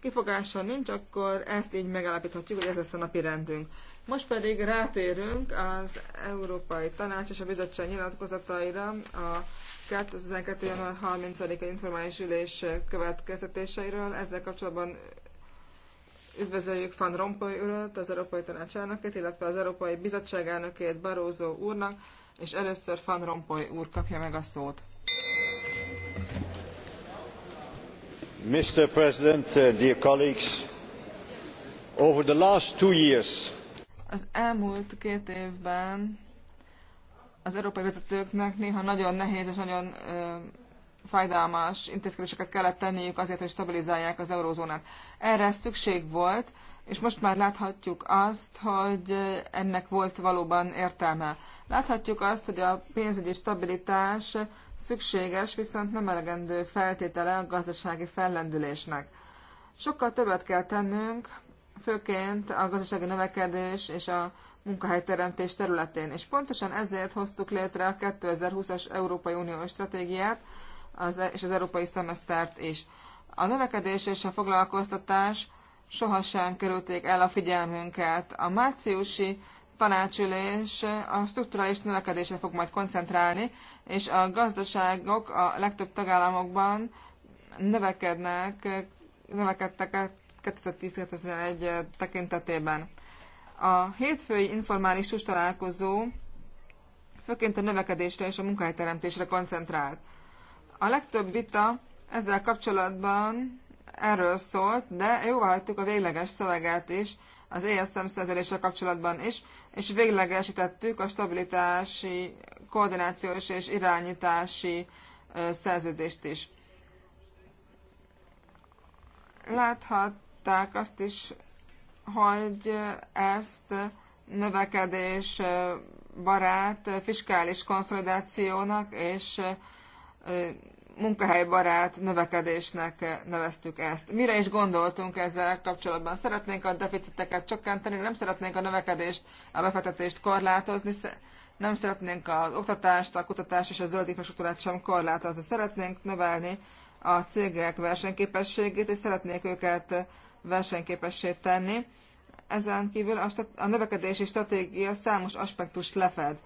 kifogása nincs, akkor ezt így megállapíthatjuk, hogy ez lesz a napi rendünk. Most pedig rátérünk az Európai Tanács és a Bizottság nyilatkozataira a 2012. január 30-i informális ülés következtetéseiről. Ezzel kapcsolatban üdvözöljük Van Rompuy urat, az Európai Tanács elnökét, illetve az Európai Bizottság elnökét Barózó úrnak, és először Van Rompuy úr kapja meg a szót. Mr. President, uh, dear colleagues, over the last two years, az elmúlt két évben az európai vezetőknek néha nagyon nehéz és nagyon ö, fájdalmas intézkedéseket kellett tenniük azért, hogy stabilizálják az eurózónát. Erre szükség volt, és most már láthatjuk azt, hogy ennek volt valóban értelme. Láthatjuk azt, hogy a pénzügyi stabilitás szükséges, viszont nem elegendő feltétele a gazdasági fellendülésnek. Sokkal többet kell tennünk, főként a gazdasági növekedés és a munkahelyteremtés területén, és pontosan ezért hoztuk létre a 2020-as Európai Unió stratégiát az, e- és az európai szemesztert is. A növekedés és a foglalkoztatás sohasem kerülték el a figyelmünket. A márciusi tanácsülés a strukturális növekedésre fog majd koncentrálni, és a gazdaságok a legtöbb tagállamokban növekednek, növekedtek 2010-2011 tekintetében. A hétfői informális sus találkozó főként a növekedésre és a munkahelyteremtésre koncentrált. A legtöbb vita ezzel kapcsolatban erről szólt, de jóváhagytuk a végleges szöveget is, az ESM szerződéssel kapcsolatban is, és véglegesítettük a stabilitási koordinációs és irányítási szerződést is. Láthatták azt is, hogy ezt növekedés barát fiskális konszolidációnak és munkahelybarát növekedésnek neveztük ezt. Mire is gondoltunk ezzel kapcsolatban? Szeretnénk a deficiteket csökkenteni, nem szeretnénk a növekedést, a befektetést korlátozni, nem szeretnénk az oktatást, a kutatást és a zöld infrastruktúrát sem korlátozni. Szeretnénk növelni a cégek versenyképességét, és szeretnék őket versenyképessé tenni. Ezen kívül a, a növekedési stratégia számos aspektust lefed.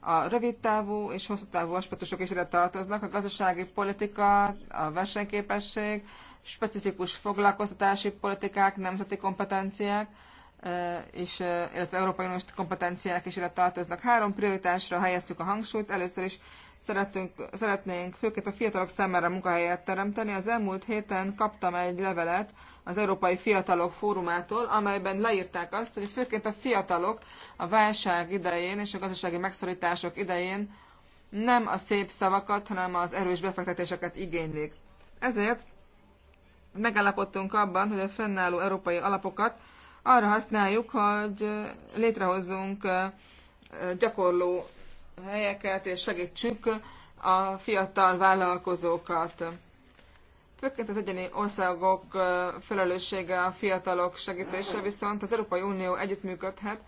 A rövid távú és hosszú távú aspektusok is ide tartoznak, a gazdasági politika, a versenyképesség, specifikus foglalkoztatási politikák, nemzeti kompetenciák, és, illetve Európai Uniós kompetenciák is ide tartoznak. Három prioritásra helyeztük a hangsúlyt. Először is szeretünk, szeretnénk főként a fiatalok számára munkahelyet teremteni. Az elmúlt héten kaptam egy levelet az Európai Fiatalok Fórumától, amelyben leírták azt, hogy főként a fiatalok a válság idején és a gazdasági megszorítások idején nem a szép szavakat, hanem az erős befektetéseket igénylik. Ezért megállapodtunk abban, hogy a fennálló európai alapokat arra használjuk, hogy létrehozzunk gyakorló helyeket, és segítsük a fiatal vállalkozókat. Főként az egyéni országok felelőssége a fiatalok segítése, viszont az Európai Unió együttműködhet,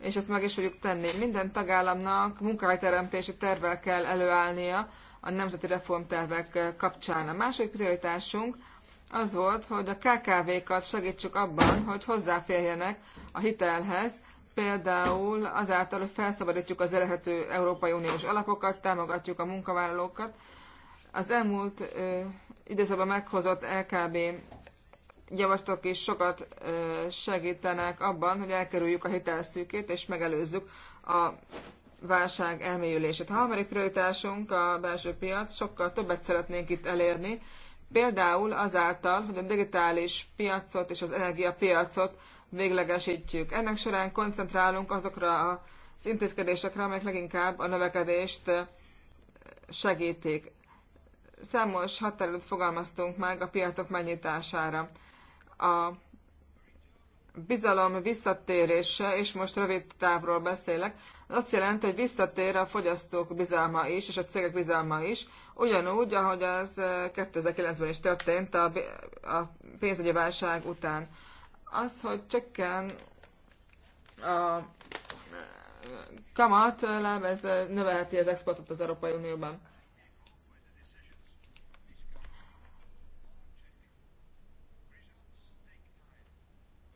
és ezt meg is fogjuk tenni. Minden tagállamnak munkahelyteremtési tervel kell előállnia a nemzeti reformtervek kapcsán. A második prioritásunk az volt, hogy a KKV-kat segítsük abban, hogy hozzáférjenek a hitelhez, például azáltal, hogy felszabadítjuk az elérhető Európai Uniós alapokat, támogatjuk a munkavállalókat. Az elmúlt ö, időszakban meghozott LKB javaslatok is sokat ö, segítenek abban, hogy elkerüljük a hitelszűkét és megelőzzük a válság elmélyülését. A harmadik prioritásunk a belső piac, sokkal többet szeretnénk itt elérni, Például azáltal, hogy a digitális piacot és az energiapiacot véglegesítjük. Ennek során koncentrálunk azokra az intézkedésekre, amelyek leginkább a növekedést segítik. Számos határidőt fogalmaztunk meg a piacok megnyitására. A bizalom visszatérése, és most rövid távról beszélek, az azt jelenti, hogy visszatér a fogyasztók bizalma is, és a cégek bizalma is, ugyanúgy, ahogy az 2009-ben eh, is történt a, a pénzügyi válság után. Az, hogy csökken a eh, kamat, ez eh, növelheti az exportot az Európai Unióban.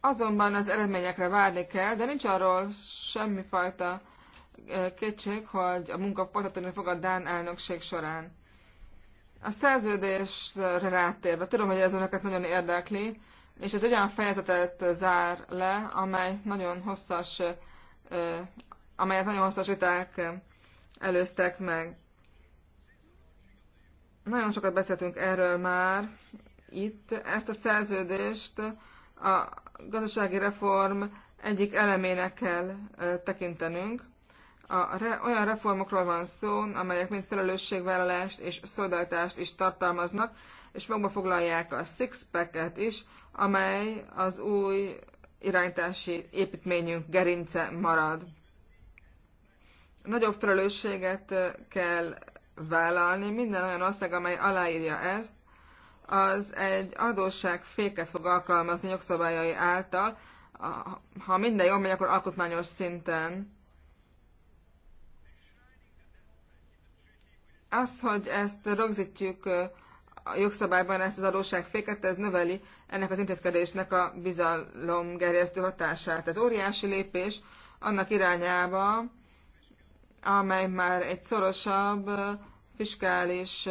Azonban az eredményekre várni kell, de nincs arról semmifajta kétség, hogy a munka folytatódni fog a Dán elnökség során. A szerződésre rátérve, tudom, hogy ez önöket nagyon érdekli, és ez olyan fejezetet zár le, amely nagyon hosszas, amelyet nagyon hosszas viták előztek meg. Nagyon sokat beszéltünk erről már itt. Ezt a szerződést a gazdasági reform egyik elemének kell tekintenünk. A re, olyan reformokról van szó, amelyek mind felelősségvállalást és szolidaritást is tartalmaznak, és magba foglalják a six-packet is, amely az új irányítási építményünk gerince marad. Nagyobb felelősséget kell vállalni minden olyan ország, amely aláírja ezt, az egy adósság féket fog alkalmazni jogszabályai által, ha minden jól megy, akkor alkotmányos szinten. Az, hogy ezt rögzítjük a jogszabályban, ezt az adósság féket ez növeli ennek az intézkedésnek a bizalomgerjesztő hatását. Ez óriási lépés annak irányába, amely már egy szorosabb fiskális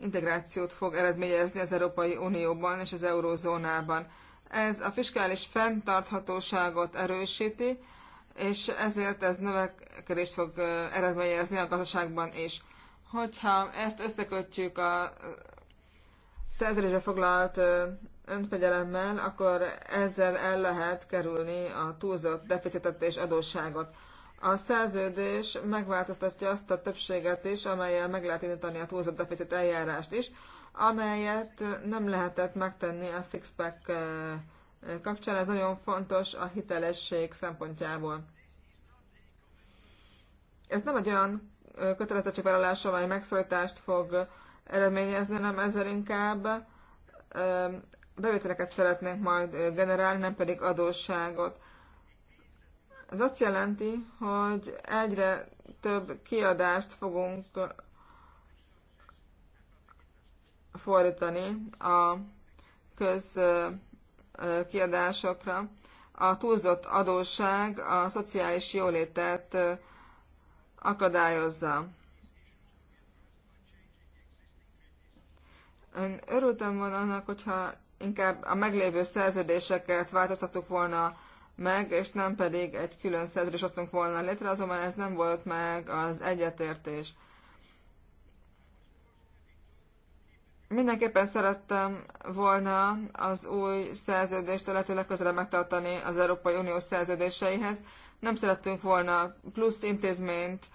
integrációt fog eredményezni az Európai Unióban és az eurózónában. Ez a fiskális fenntarthatóságot erősíti, és ezért ez növekedést fog eredményezni a gazdaságban is. Hogyha ezt összekötjük a szerződésre foglalt önfegyelemmel, akkor ezzel el lehet kerülni a túlzott deficitet és adósságot. A szerződés megváltoztatja azt a többséget is, amelyel meg lehet indítani a túlzott deficit eljárást is, amelyet nem lehetett megtenni a Sixpack kapcsán. Ez nagyon fontos a hitelesség szempontjából. Ez nem egy olyan kötelezettségvállalás, amely megszólítást fog eredményezni, hanem ezzel inkább bevételeket szeretnénk majd generálni, nem pedig adósságot. Ez azt jelenti, hogy egyre több kiadást fogunk fordítani a közkiadásokra. A túlzott adósság a szociális jólétet akadályozza. Én örültem volna annak, hogyha inkább a meglévő szerződéseket változtattuk volna meg, és nem pedig egy külön szerződést hoztunk volna létre, azonban ez nem volt meg az egyetértés. Mindenképpen szerettem volna az új szerződést a lehető legközelebb megtartani az Európai Unió szerződéseihez. Nem szerettünk volna plusz intézményt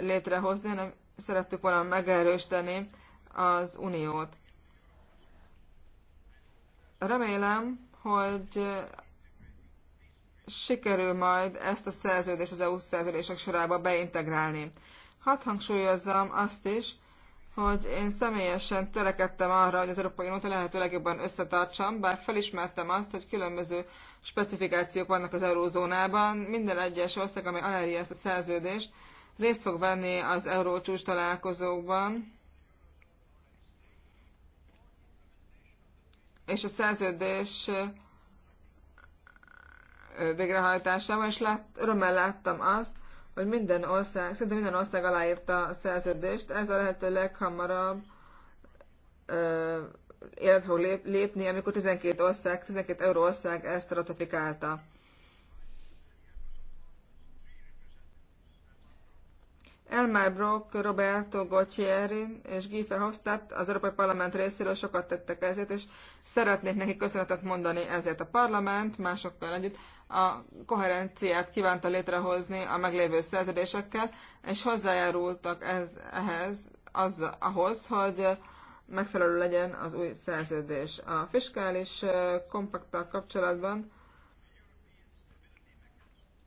létrehozni, hanem szerettük volna megerősíteni az uniót. Remélem, hogy sikerül majd ezt a szerződést az EU szerződések sorába beintegrálni. Hadd hangsúlyozzam azt is, hogy én személyesen törekedtem arra, hogy az Európai Uniót lehető legjobban összetartsam, bár felismertem azt, hogy különböző specifikációk vannak az eurózónában. Minden egyes ország, amely aláírja ezt a szerződést, részt fog venni az eurócsúcs találkozókban, és a szerződés végrehajtásában, és lát, örömmel láttam azt, hogy minden ország, szinte minden ország aláírta a szerződést, ez a lehető leghamarabb ö, életbe fog lép, lépni, amikor 12 ország, 12 euró ország ezt ratifikálta. Elmar Brock, Roberto Gocieri és Guy Verhofstadt az Európai Parlament részéről sokat tettek ezért, és szeretnék neki köszönetet mondani ezért a parlament, másokkal együtt a koherenciát kívánta létrehozni a meglévő szerződésekkel, és hozzájárultak ez, ehhez az, ahhoz, hogy megfelelő legyen az új szerződés. A fiskális kompaktal kapcsolatban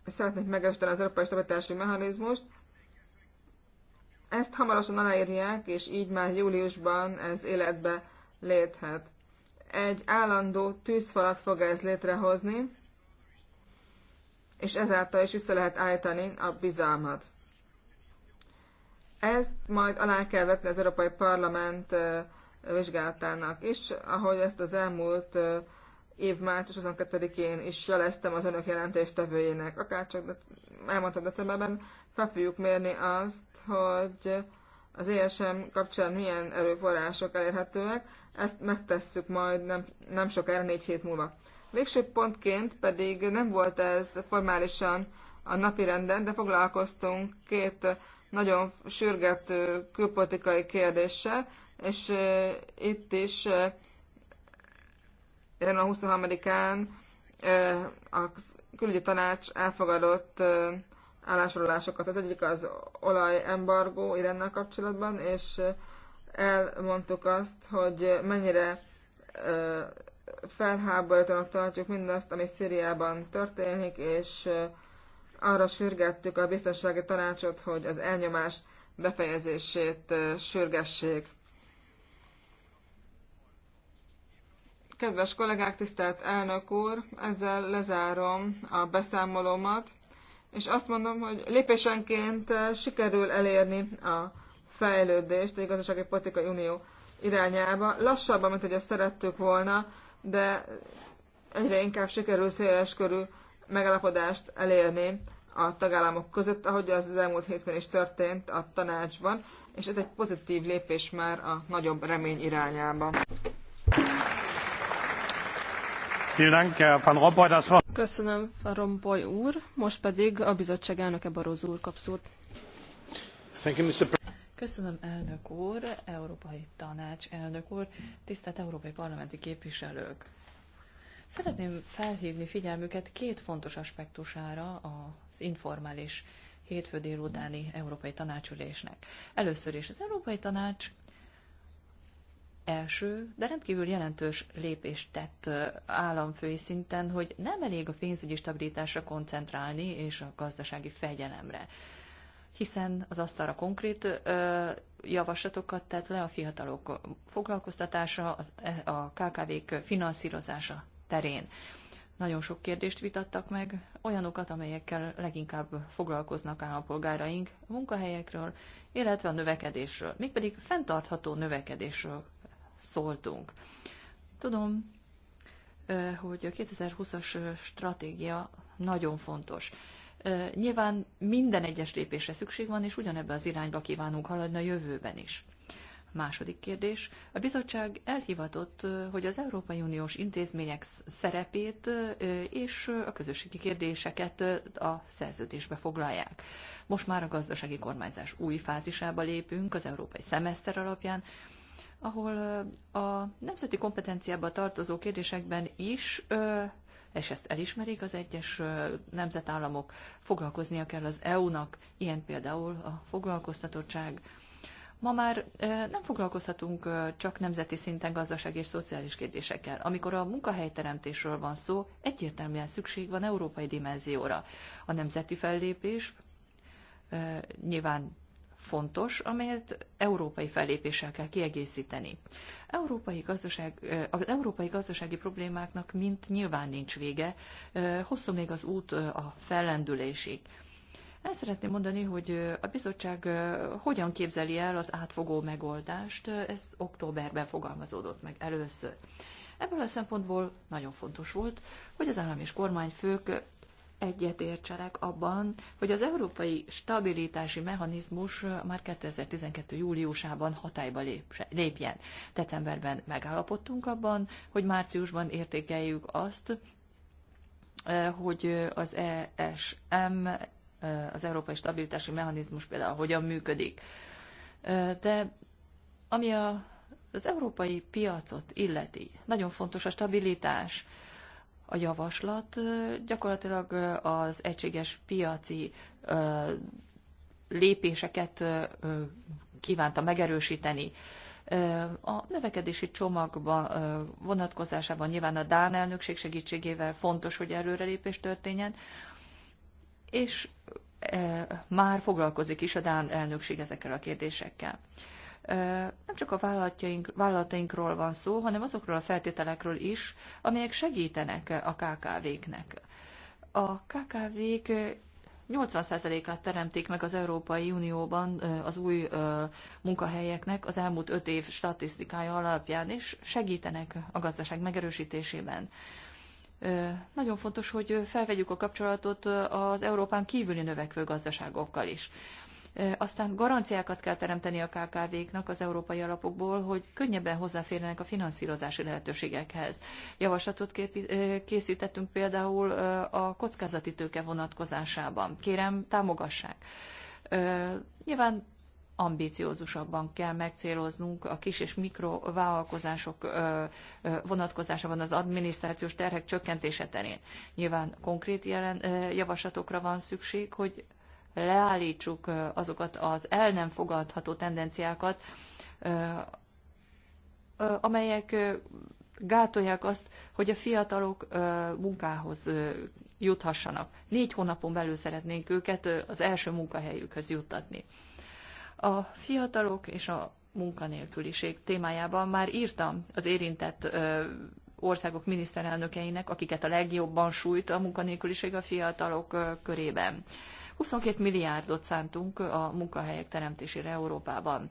szeretnék megerősíteni az európai stabilitási mechanizmust. Ezt hamarosan aláírják, és így már júliusban ez életbe léthet. Egy állandó tűzfalat fog ez létrehozni, és ezáltal is vissza lehet állítani a bizalmat. Ezt majd alá kell vetni az Európai Parlament vizsgálatának is, ahogy ezt az elmúlt év március 22-én is jeleztem az önök jelentéstevőjének. Akárcsak de elmondtam decemberben, fel fogjuk mérni azt, hogy az ESM kapcsán milyen erőforrások elérhetőek, ezt megtesszük majd nem, nem sokára, négy hét múlva. Végső pontként pedig nem volt ez formálisan a napi renden, de foglalkoztunk két nagyon sürgető külpolitikai kérdéssel, és itt is január 23-án a külügyi tanács elfogadott állásfoglalásokat. Az egyik az olajembargó Irennel kapcsolatban, és elmondtuk azt, hogy mennyire felháborítanak tartjuk mindazt, ami Szíriában történik, és arra sürgettük a biztonsági tanácsot, hogy az elnyomás befejezését sürgessék. Kedves kollégák, tisztelt elnök úr, ezzel lezárom a beszámolómat, és azt mondom, hogy lépésenként sikerül elérni a fejlődést a gazdasági politikai unió irányába, lassabban, mint hogy ezt szerettük volna, de egyre inkább sikerül körű megalapodást elérni a tagállamok között, ahogy az az elmúlt hétfőn is történt a tanácsban, és ez egy pozitív lépés már a nagyobb remény irányába. Köszönöm, Van Rompuy úr. Most pedig a bizottság elnöke Barroso úr kap szót. Köszönöm, elnök úr, Európai Tanács elnök úr, tisztelt Európai Parlamenti képviselők! Szeretném felhívni figyelmüket két fontos aspektusára az informális hétfő délutáni Európai Tanácsülésnek. Először is az Európai Tanács első, de rendkívül jelentős lépést tett államfői szinten, hogy nem elég a pénzügyi stabilitásra koncentrálni és a gazdasági fegyelemre hiszen az asztalra konkrét javaslatokat tett le a fiatalok foglalkoztatása, az, e, a KKV-k finanszírozása terén. Nagyon sok kérdést vitattak meg, olyanokat, amelyekkel leginkább foglalkoznak állampolgáraink a munkahelyekről, illetve a növekedésről, mégpedig fenntartható növekedésről szóltunk. Tudom, hogy a 2020-as stratégia nagyon fontos. Nyilván minden egyes lépésre szükség van, és ugyanebbe az irányba kívánunk haladni a jövőben is. Második kérdés. A bizottság elhivatott, hogy az Európai Uniós intézmények szerepét és a közösségi kérdéseket a szerződésbe foglalják. Most már a gazdasági kormányzás új fázisába lépünk az európai szemeszter alapján, ahol a nemzeti kompetenciába tartozó kérdésekben is és ezt elismerik az egyes nemzetállamok, foglalkoznia kell az EU-nak, ilyen például a foglalkoztatottság. Ma már nem foglalkozhatunk csak nemzeti szinten gazdaság és szociális kérdésekkel. Amikor a munkahelyteremtésről van szó, egyértelműen szükség van európai dimenzióra. A nemzeti fellépés nyilván fontos, amelyet európai fellépéssel kell kiegészíteni. Európai gazdaság, az európai gazdasági problémáknak mint nyilván nincs vége, hosszú még az út a fellendülésig. El szeretném mondani, hogy a bizottság hogyan képzeli el az átfogó megoldást, ez októberben fogalmazódott meg először. Ebből a szempontból nagyon fontos volt, hogy az állam és kormányfők egyetértsenek abban, hogy az európai stabilitási mechanizmus már 2012. júliusában hatályba lépjen. Decemberben megállapodtunk abban, hogy márciusban értékeljük azt, eh, hogy az ESM, eh, az Európai Stabilitási Mechanizmus például hogyan működik. Eh, de ami a, az európai piacot illeti, nagyon fontos a stabilitás, a javaslat gyakorlatilag az egységes piaci lépéseket kívánta megerősíteni. A növekedési csomagban vonatkozásában nyilván a Dán elnökség segítségével fontos, hogy előrelépés történjen, és már foglalkozik is a Dán elnökség ezekkel a kérdésekkel nem csak a vállalatjaink, vállalatainkról van szó, hanem azokról a feltételekről is, amelyek segítenek a KKV-knek. A KKV-k 80%-át teremtik meg az Európai Unióban az új munkahelyeknek az elmúlt 5 év statisztikája alapján, és segítenek a gazdaság megerősítésében. Nagyon fontos, hogy felvegyük a kapcsolatot az Európán kívüli növekvő gazdaságokkal is. Aztán garanciákat kell teremteni a KKV-knak az európai alapokból, hogy könnyebben hozzáférjenek a finanszírozási lehetőségekhez. Javaslatot készítettünk például a kockázati tőke vonatkozásában. Kérem, támogassák. Nyilván ambíciózusabban kell megcéloznunk a kis és mikrovállalkozások vonatkozásában az adminisztrációs terhek csökkentése terén. Nyilván konkrét jelen, javaslatokra van szükség, hogy leállítsuk azokat az el nem fogadható tendenciákat, amelyek gátolják azt, hogy a fiatalok munkához juthassanak. Négy hónapon belül szeretnénk őket az első munkahelyükhöz juttatni. A fiatalok és a munkanélküliség témájában már írtam az érintett országok miniszterelnökeinek, akiket a legjobban sújt a munkanélküliség a fiatalok körében. 22 milliárdot szántunk a munkahelyek teremtésére Európában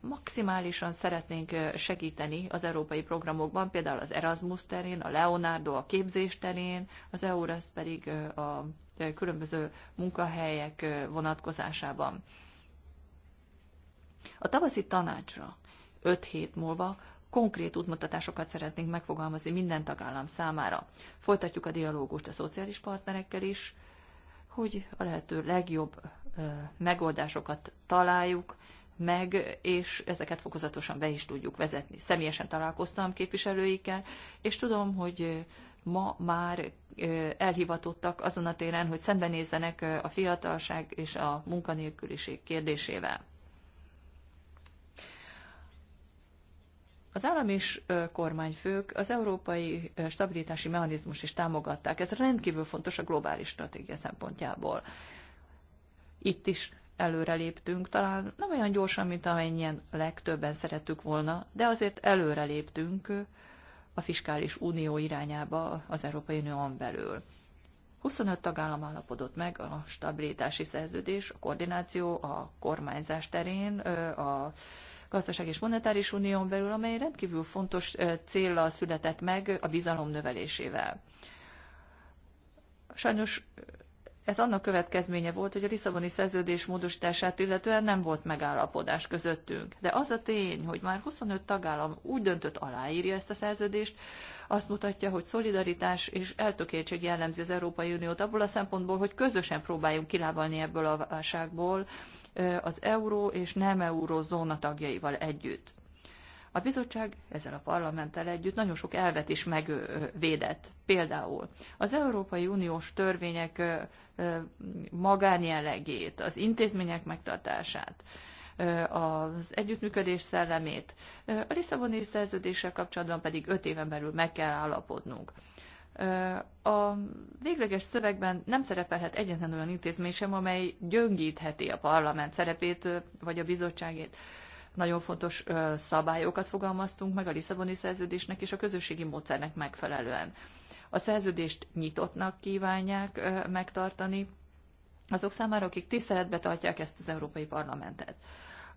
maximálisan szeretnénk segíteni az európai programokban, például az Erasmus terén, a Leonardo a képzés terén, az EURES pedig a különböző munkahelyek vonatkozásában. A tavaszi tanácsra 5 hét múlva konkrét útmutatásokat szeretnénk megfogalmazni minden tagállam számára. Folytatjuk a dialógust a szociális partnerekkel is, hogy a lehető legjobb megoldásokat találjuk meg, és ezeket fokozatosan be is tudjuk vezetni. Személyesen találkoztam képviselőikkel, és tudom, hogy ma már elhivatottak azon a téren, hogy szembenézzenek a fiatalság és a munkanélküliség kérdésével. Az állam és kormányfők az európai stabilitási mechanizmus is támogatták. Ez rendkívül fontos a globális stratégia szempontjából. Itt is előre léptünk, talán nem olyan gyorsan, mint amennyien legtöbben szerettük volna, de azért előre léptünk a fiskális unió irányába az Európai Unión belül. 25 tagállam állapodott meg a stabilitási szerződés, a koordináció, a kormányzás terén, a gazdaság és monetáris unión belül, amely rendkívül fontos célra született meg a bizalom növelésével. Sajnos ez annak következménye volt, hogy a Lisszaboni szerződés módosítását illetően nem volt megállapodás közöttünk. De az a tény, hogy már 25 tagállam úgy döntött aláírja ezt a szerződést, azt mutatja, hogy szolidaritás és eltökéltség jellemzi az Európai Uniót abból a szempontból, hogy közösen próbáljunk kilábalni ebből a válságból, az euró és nem zóna tagjaival együtt. A bizottság ezzel a parlamenttel együtt nagyon sok elvet is megvédett. Például az Európai Uniós törvények magánjellegét, az intézmények megtartását, az együttműködés szellemét. A Lisszaboni szerződéssel kapcsolatban pedig öt éven belül meg kell állapodnunk. A végleges szövegben nem szerepelhet egyetlen olyan intézmény sem, amely gyöngítheti a parlament szerepét vagy a bizottságét. Nagyon fontos szabályokat fogalmaztunk meg a Lisszaboni szerződésnek és a közösségi módszernek megfelelően. A szerződést nyitottnak kívánják megtartani azok számára, akik tiszteletbe tartják ezt az Európai Parlamentet.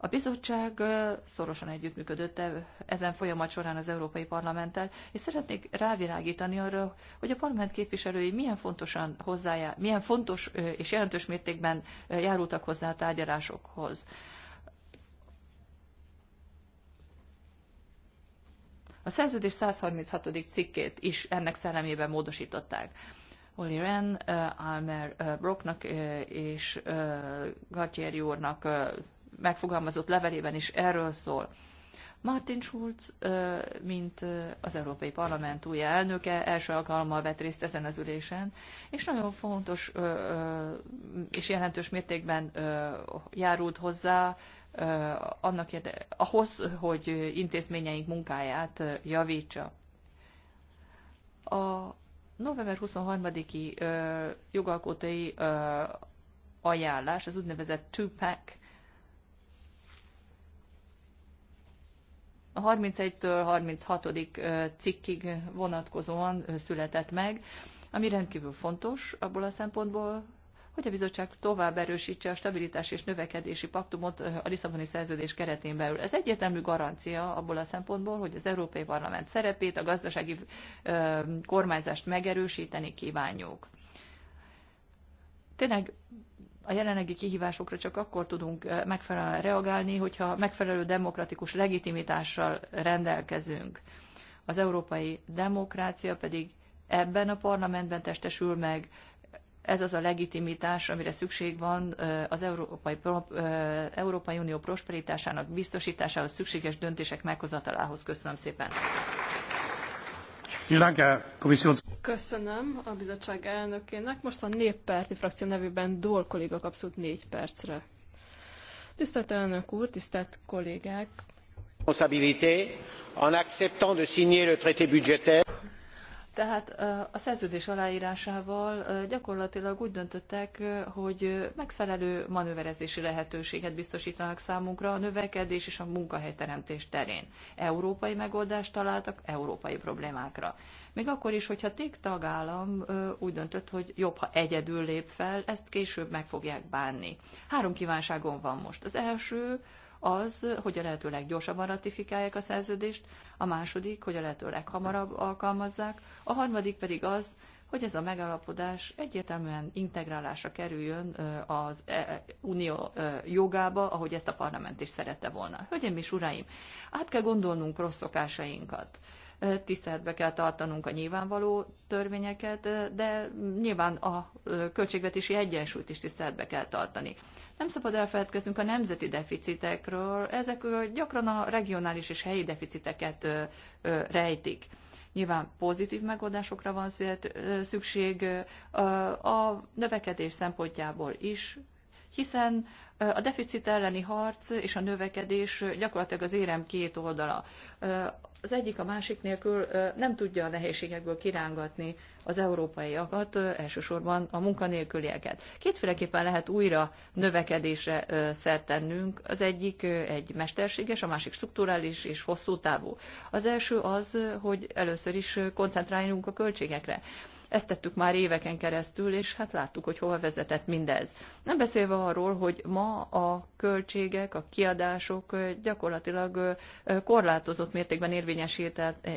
A bizottság szorosan együttműködött e- ezen folyamat során az Európai Parlamenttel, és szeretnék rávilágítani arra, hogy a parlament képviselői milyen, fontosan hozzájá, milyen fontos és jelentős mértékben járultak hozzá a tárgyalásokhoz. A szerződés 136. cikkét is ennek szellemében módosították. Oli Ren, Almer Brocknak és Gartieri úrnak megfogalmazott levelében is erről szól. Martin Schulz, mint az Európai Parlament új elnöke, első alkalommal vett részt ezen az ülésen, és nagyon fontos és jelentős mértékben járult hozzá annak érde, ahhoz, hogy intézményeink munkáját javítsa. A november 23-i jogalkotói ajánlás, az úgynevezett two-pack a 31-től 36. cikkig vonatkozóan született meg, ami rendkívül fontos abból a szempontból, hogy a bizottság tovább erősítse a stabilitás és növekedési paktumot a Lisszaboni szerződés keretén belül. Ez egyértelmű garancia abból a szempontból, hogy az Európai Parlament szerepét, a gazdasági ö, kormányzást megerősíteni kívánjuk. Tényleg a jelenlegi kihívásokra csak akkor tudunk megfelelően reagálni, hogyha megfelelő demokratikus legitimitással rendelkezünk. Az európai demokrácia pedig ebben a parlamentben testesül meg, ez az a legitimitás, amire szükség van az Európai, Európai Unió prosperitásának biztosításához szükséges döntések meghozatalához. Köszönöm szépen! Köszönöm a bizottság elnökének. Most a néppárti frakció nevében Dól kolléga kap négy percre. Tisztelt elnök úr, tisztelt kollégák! responsabilité en acceptant de signer le traité budgétaire. Tehát a szerződés aláírásával gyakorlatilag úgy döntöttek, hogy megfelelő manőverezési lehetőséget biztosítanak számunkra a növekedés és a munkahelyteremtés terén. Európai megoldást találtak európai problémákra. Még akkor is, hogyha tég tagállam úgy döntött, hogy jobb, ha egyedül lép fel, ezt később meg fogják bánni. Három kívánságom van most. Az első, az, hogy a lehető leggyorsabban ratifikálják a szerződést, a második, hogy a lehető leghamarabb alkalmazzák, a harmadik pedig az, hogy ez a megállapodás egyértelműen integrálásra kerüljön az e-, e-, unió jogába, ahogy ezt a parlament is szerette volna. Hölgyeim és uraim, át kell gondolnunk rossz szokásainkat tiszteletbe kell tartanunk a nyilvánvaló törvényeket, de nyilván a költségvetési egyensúlyt is tiszteletbe kell tartani. Nem szabad elfeledkeznünk a nemzeti deficitekről, ezek gyakran a regionális és helyi deficiteket rejtik. Nyilván pozitív megoldásokra van szükség a növekedés szempontjából is, hiszen a deficit elleni harc és a növekedés gyakorlatilag az érem két oldala az egyik a másik nélkül nem tudja a nehézségekből kirángatni az európaiakat, elsősorban a munkanélkülieket. Kétféleképpen lehet újra növekedésre szert tennünk. Az egyik egy mesterséges, a másik strukturális és hosszú távú. Az első az, hogy először is koncentráljunk a költségekre. Ezt tettük már éveken keresztül, és hát láttuk, hogy hova vezetett mindez. Nem beszélve arról, hogy ma a költségek, a kiadások gyakorlatilag korlátozott mértékben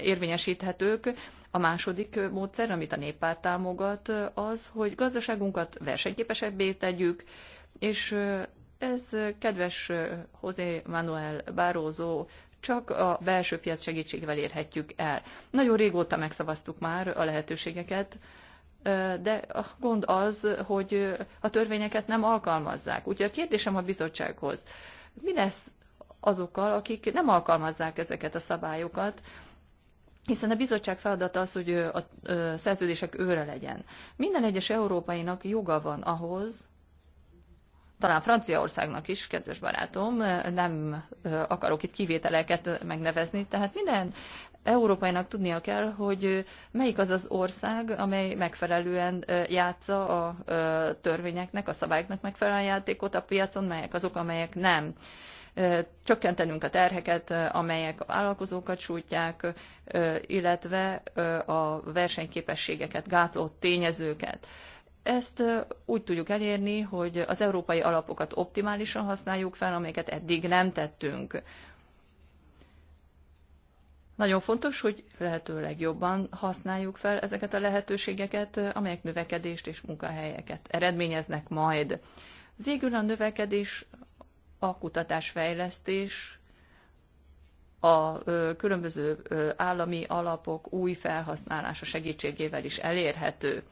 érvényesíthetők, a második módszer, amit a néppárt támogat, az, hogy gazdaságunkat versenyképesebbé tegyük, és ez kedves José Manuel Bározó csak a belső piac segítségével érhetjük el. Nagyon régóta megszavaztuk már a lehetőségeket, de a gond az, hogy a törvényeket nem alkalmazzák. Úgyhogy a kérdésem a bizottsághoz, mi lesz azokkal, akik nem alkalmazzák ezeket a szabályokat, hiszen a bizottság feladata az, hogy a szerződések őre legyen. Minden egyes európainak joga van ahhoz, talán Franciaországnak is, kedves barátom, nem akarok itt kivételeket megnevezni, tehát minden európainak tudnia kell, hogy melyik az az ország, amely megfelelően játsza a törvényeknek, a szabályoknak megfelelően játékot a piacon, melyek azok, amelyek nem. Csökkentenünk a terheket, amelyek a vállalkozókat sújtják, illetve a versenyképességeket gátló tényezőket ezt úgy tudjuk elérni, hogy az európai alapokat optimálisan használjuk fel, amelyeket eddig nem tettünk. Nagyon fontos, hogy lehetőleg jobban használjuk fel ezeket a lehetőségeket, amelyek növekedést és munkahelyeket eredményeznek majd. Végül a növekedés, a kutatásfejlesztés, a különböző állami alapok új felhasználása segítségével is elérhető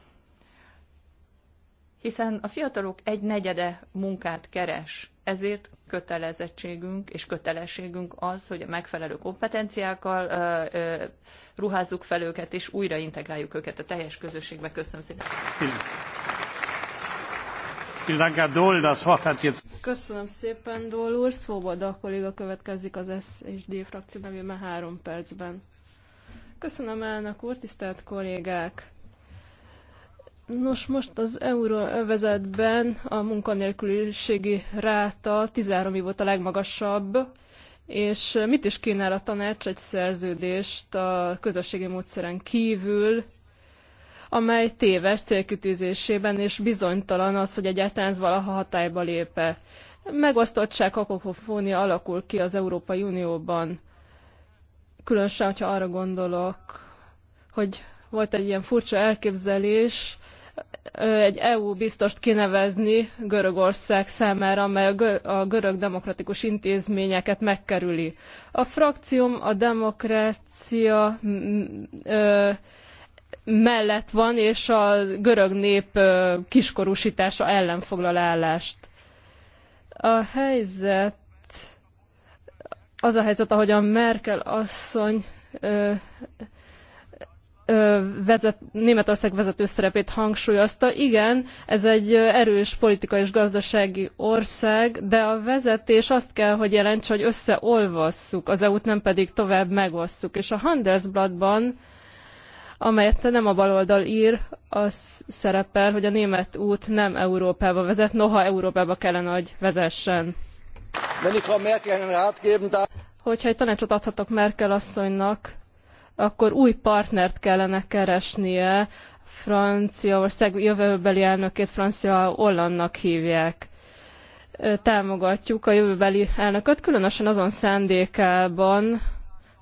hiszen a fiatalok egy negyede munkát keres, ezért kötelezettségünk és kötelességünk az, hogy a megfelelő kompetenciákkal ö, ö, ruházzuk fel őket, és újra integráljuk őket a teljes közösségbe. Köszönöm szépen. Köszönöm szépen, Dól úr. Szóboda a kolléga következik az S és D frakció nevében három percben. Köszönöm elnök úr, tisztelt kollégák! Nos, most az euróövezetben a munkanélküliségi ráta 13 év volt a legmagasabb, és mit is kínál a tanács egy szerződést a közösségi módszeren kívül, amely téves célkütőzésében és bizonytalan az, hogy egyáltalán ez valaha hatályba lépe. Megosztottság, kakofónia alakul ki az Európai Unióban. Különösen, hogyha arra gondolok, hogy volt egy ilyen furcsa elképzelés, egy EU biztost kinevezni Görögország számára, amely a görög demokratikus intézményeket megkerüli. A frakcióm a demokrácia mellett van, és a görög nép kiskorúsítása ellen foglal állást. A helyzet, az a helyzet, ahogyan Merkel asszony vezet, Németország vezető szerepét hangsúlyozta. Igen, ez egy erős politikai és gazdasági ország, de a vezetés azt kell, hogy jelentse, hogy összeolvasszuk az EU-t, nem pedig tovább megosszuk. És a Handelsblattban amelyet nem a baloldal ír, az szerepel, hogy a német út nem Európába vezet, noha Európába kellene, hogy vezessen. Hogyha egy tanácsot adhatok Merkel asszonynak, akkor új partnert kellene keresnie. Franciaország jövőbeli elnökét Francia Hollandnak hívják. Támogatjuk a jövőbeli elnököt, különösen azon szándékában,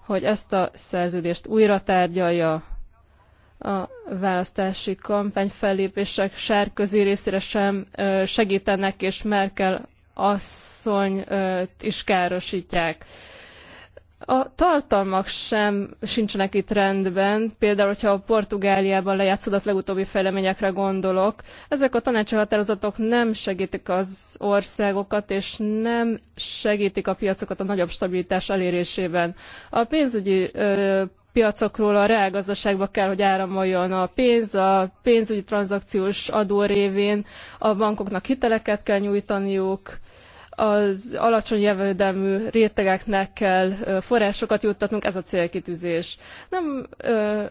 hogy ezt a szerződést újra tárgyalja a választási kampány fellépések sárközi részére sem segítenek, és Merkel asszonyt is károsítják. A tartalmak sem sincsenek itt rendben, például, hogyha a Portugáliában lejátszódott legutóbbi fejleményekre gondolok, ezek a tanácsi határozatok nem segítik az országokat, és nem segítik a piacokat a nagyobb stabilitás elérésében. A pénzügyi ö, piacokról a reálgazdaságba kell, hogy áramoljon a pénz, a pénzügyi tranzakciós adó révén a bankoknak hiteleket kell nyújtaniuk, az alacsony jövedelmű rétegeknek kell forrásokat juttatnunk, ez a célkitűzés. Nem ö,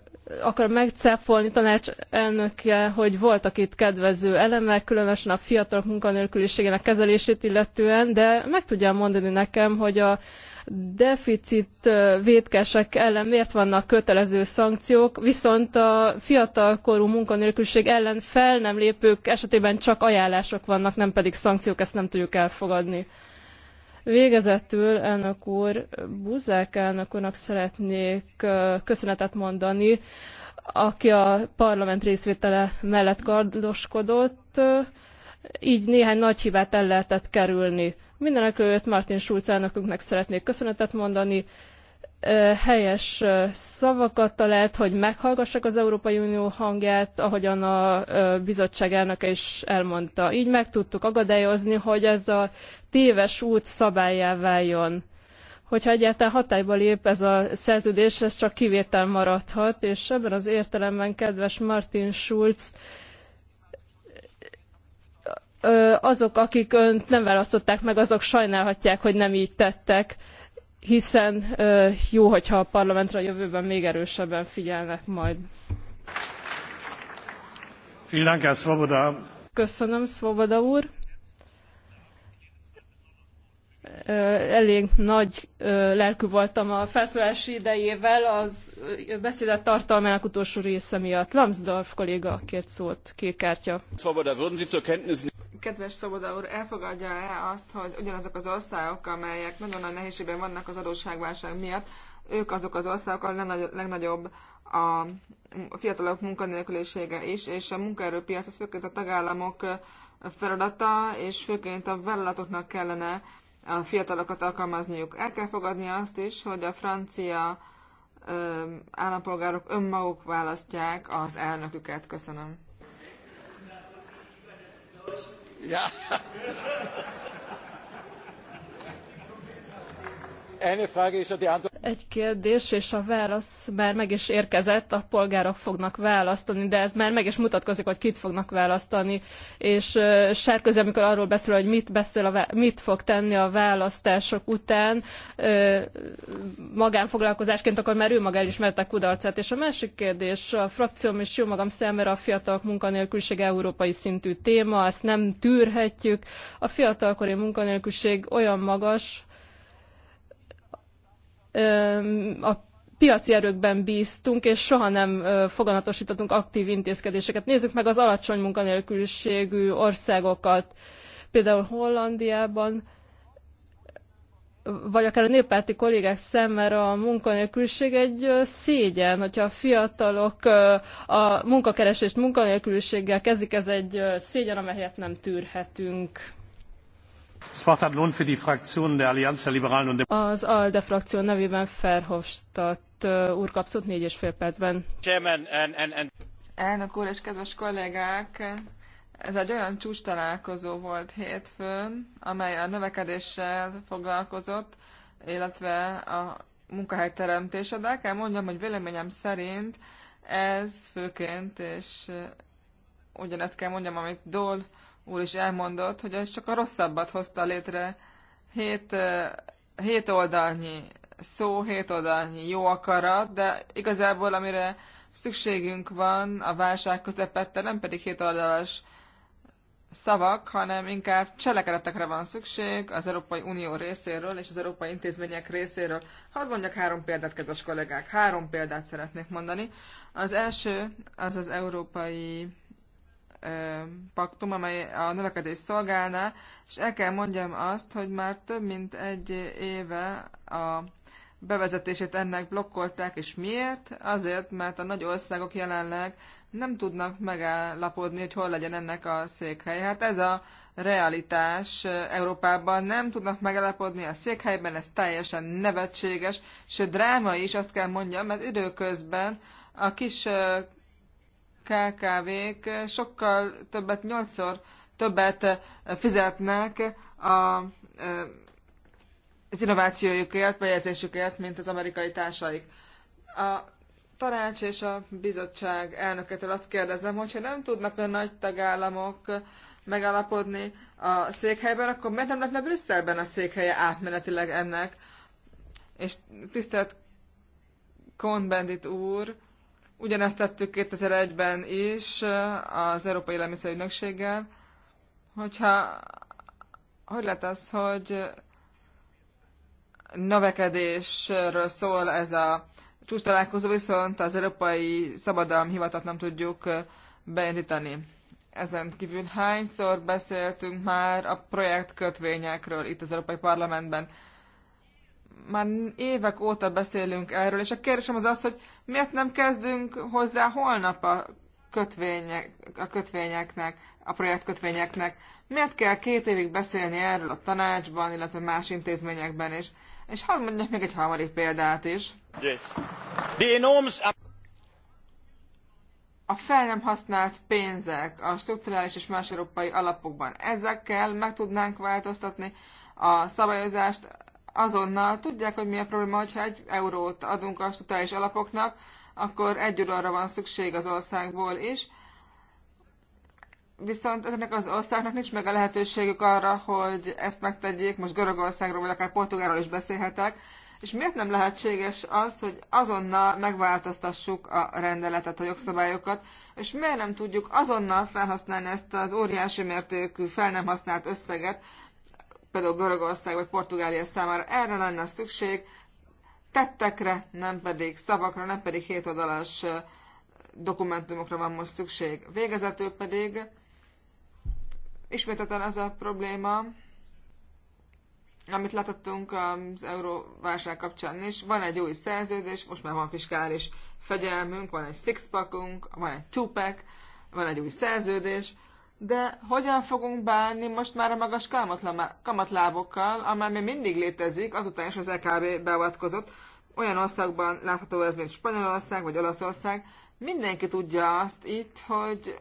akar megcáfolni tanács elnöke, hogy voltak itt kedvező elemek, különösen a fiatalok munkanélküliségének kezelését illetően, de meg tudja mondani nekem, hogy a deficit vétkesek ellen miért vannak kötelező szankciók, viszont a fiatalkorú munkanélküliség ellen fel nem lépők esetében csak ajánlások vannak, nem pedig szankciók, ezt nem tudjuk elfogadni. Végezetül elnök úr, Buzák elnök úrnak szeretnék köszönetet mondani, aki a parlament részvétele mellett gardoskodott, így néhány nagy hibát el lehetett kerülni. Mindenek előtt Martin Schulz elnökünknek szeretnék köszönetet mondani. Helyes szavakat talált, hogy meghallgassák az Európai Unió hangját, ahogyan a bizottság elnöke is elmondta. Így meg tudtuk akadályozni, hogy ez a téves út szabályá váljon hogyha egyáltalán hatályba lép ez a szerződés, ez csak kivétel maradhat, és ebben az értelemben kedves Martin Schulz azok, akik önt nem választották meg, azok sajnálhatják, hogy nem így tettek, hiszen jó, hogyha a parlamentre a jövőben még erősebben figyelnek majd. Köszönöm, Svoboda úr elég nagy lelkű voltam a felszólási idejével az beszédet tartalmának utolsó része miatt. Lambsdorff kolléga kért szót, kék Kedves Szoboda úr, elfogadja-e azt, hogy ugyanazok az országok, amelyek nagyon nagy nehézségben vannak az adósságválság miatt, ők azok az országok, ahol a legnagyobb a fiatalok munkanélkülisége is, és a munkaerőpiac az főként a tagállamok feladata, és főként a vállalatoknak kellene a fiatalokat alkalmazniuk. El kell fogadni azt is, hogy a francia állampolgárok önmaguk választják az elnöküket. Köszönöm. Ja. Egy kérdés, és a válasz már meg is érkezett, a polgárok fognak választani, de ez már meg is mutatkozik, hogy kit fognak választani. És Sárközi, amikor arról beszél, hogy mit, beszél a, mit fog tenni a választások után, magánfoglalkozásként, akkor már ő maga elismerte kudarcát. És a másik kérdés, a frakcióm és jó magam számára a fiatalok munkanélküliség európai szintű téma, ezt nem tűrhetjük. A fiatalkori munkanélküliség olyan magas, a piaci erőkben bíztunk, és soha nem foganatosítottunk aktív intézkedéseket. Nézzük meg az alacsony munkanélküliségű országokat, például Hollandiában, vagy akár a néppárti kollégák számára a munkanélküliség egy szégyen, hogyha a fiatalok a munkakeresést munkanélküliséggel kezdik, ez egy szégyen, amelyet nem tűrhetünk. Az ALDE frakció nevében Ferhofstadt úr kap szót négy és fél percben. Elnök úr és kedves kollégák! Ez egy olyan csúcs találkozó volt hétfőn, amely a növekedéssel foglalkozott, illetve a munkahelyteremtése, de el kell mondjam, hogy véleményem szerint ez főként, és ugyanezt kell mondjam, amit Dól úr is elmondott, hogy ez csak a rosszabbat hozta létre. Hét, hét oldalnyi szó, hét oldalnyi jó akarat, de igazából amire szükségünk van a válság közepette, nem pedig hét oldalas szavak, hanem inkább cselekedetekre van szükség az Európai Unió részéről és az Európai Intézmények részéről. Hadd mondjak három példát, kedves kollégák, három példát szeretnék mondani. Az első az az Európai paktum, amely a növekedés szolgálná, és el kell mondjam azt, hogy már több mint egy éve a bevezetését ennek blokkolták, és miért? Azért, mert a nagy országok jelenleg nem tudnak megállapodni, hogy hol legyen ennek a székhely. Hát ez a realitás Európában. Nem tudnak megállapodni a székhelyben, ez teljesen nevetséges, sőt drámai is, azt kell mondjam, mert időközben a kis KKV-k sokkal többet, nyolcszor többet fizetnek a az innovációjukért, bejegyzésükért, mint az amerikai társaik. A tanács és a bizottság elnöketől azt kérdezem, hogyha nem tudnak a nagy tagállamok megállapodni a székhelyben, akkor miért nem lehetne Brüsszelben a székhelye átmenetileg ennek? És tisztelt Kohn-Bendit úr, Ugyanezt tettük 2001-ben is eh, az Európai Élelmiszerügynökséggel, hogyha hogy lehet az, hogy növekedésről szól ez a csúcs találkozó, viszont az Európai Szabadalom Hivatat nem tudjuk eh, beindítani. Ezen kívül hányszor beszéltünk már a projektkötvényekről itt az Európai Parlamentben? már évek óta beszélünk erről, és a kérdésem az az, hogy miért nem kezdünk hozzá holnap a, kötvények, a kötvényeknek, a projektkötvényeknek? Miért kell két évig beszélni erről a tanácsban, illetve más intézményekben is? És hadd mondjak még egy harmadik példát is. Yes. The enormous... A fel nem használt pénzek a strukturális és más európai alapokban. Ezekkel meg tudnánk változtatni a szabályozást, azonnal tudják, hogy mi a probléma, hogyha egy eurót adunk a stutális alapoknak, akkor egy euróra van szükség az országból is. Viszont ezeknek az országnak nincs meg a lehetőségük arra, hogy ezt megtegyék, most Görögországról, vagy akár Portugáról is beszélhetek, és miért nem lehetséges az, hogy azonnal megváltoztassuk a rendeletet, a jogszabályokat, és miért nem tudjuk azonnal felhasználni ezt az óriási mértékű, fel nem használt összeget, például Görögország vagy Portugália számára. Erre lenne szükség, tettekre, nem pedig szavakra, nem pedig hétoldalas dokumentumokra van most szükség. Végezetül pedig ismételten az a probléma, amit láthattunk az euróválság kapcsán is, van egy új szerződés, most már van fiskális fegyelmünk, van egy sixpackunk, van egy pack van egy új szerződés, de hogyan fogunk bánni most már a magas kamatlábokkal, amely még mindig létezik, azután is az EKB beavatkozott. Olyan országban látható ez, mint Spanyolország vagy Olaszország. Mindenki tudja azt itt, hogy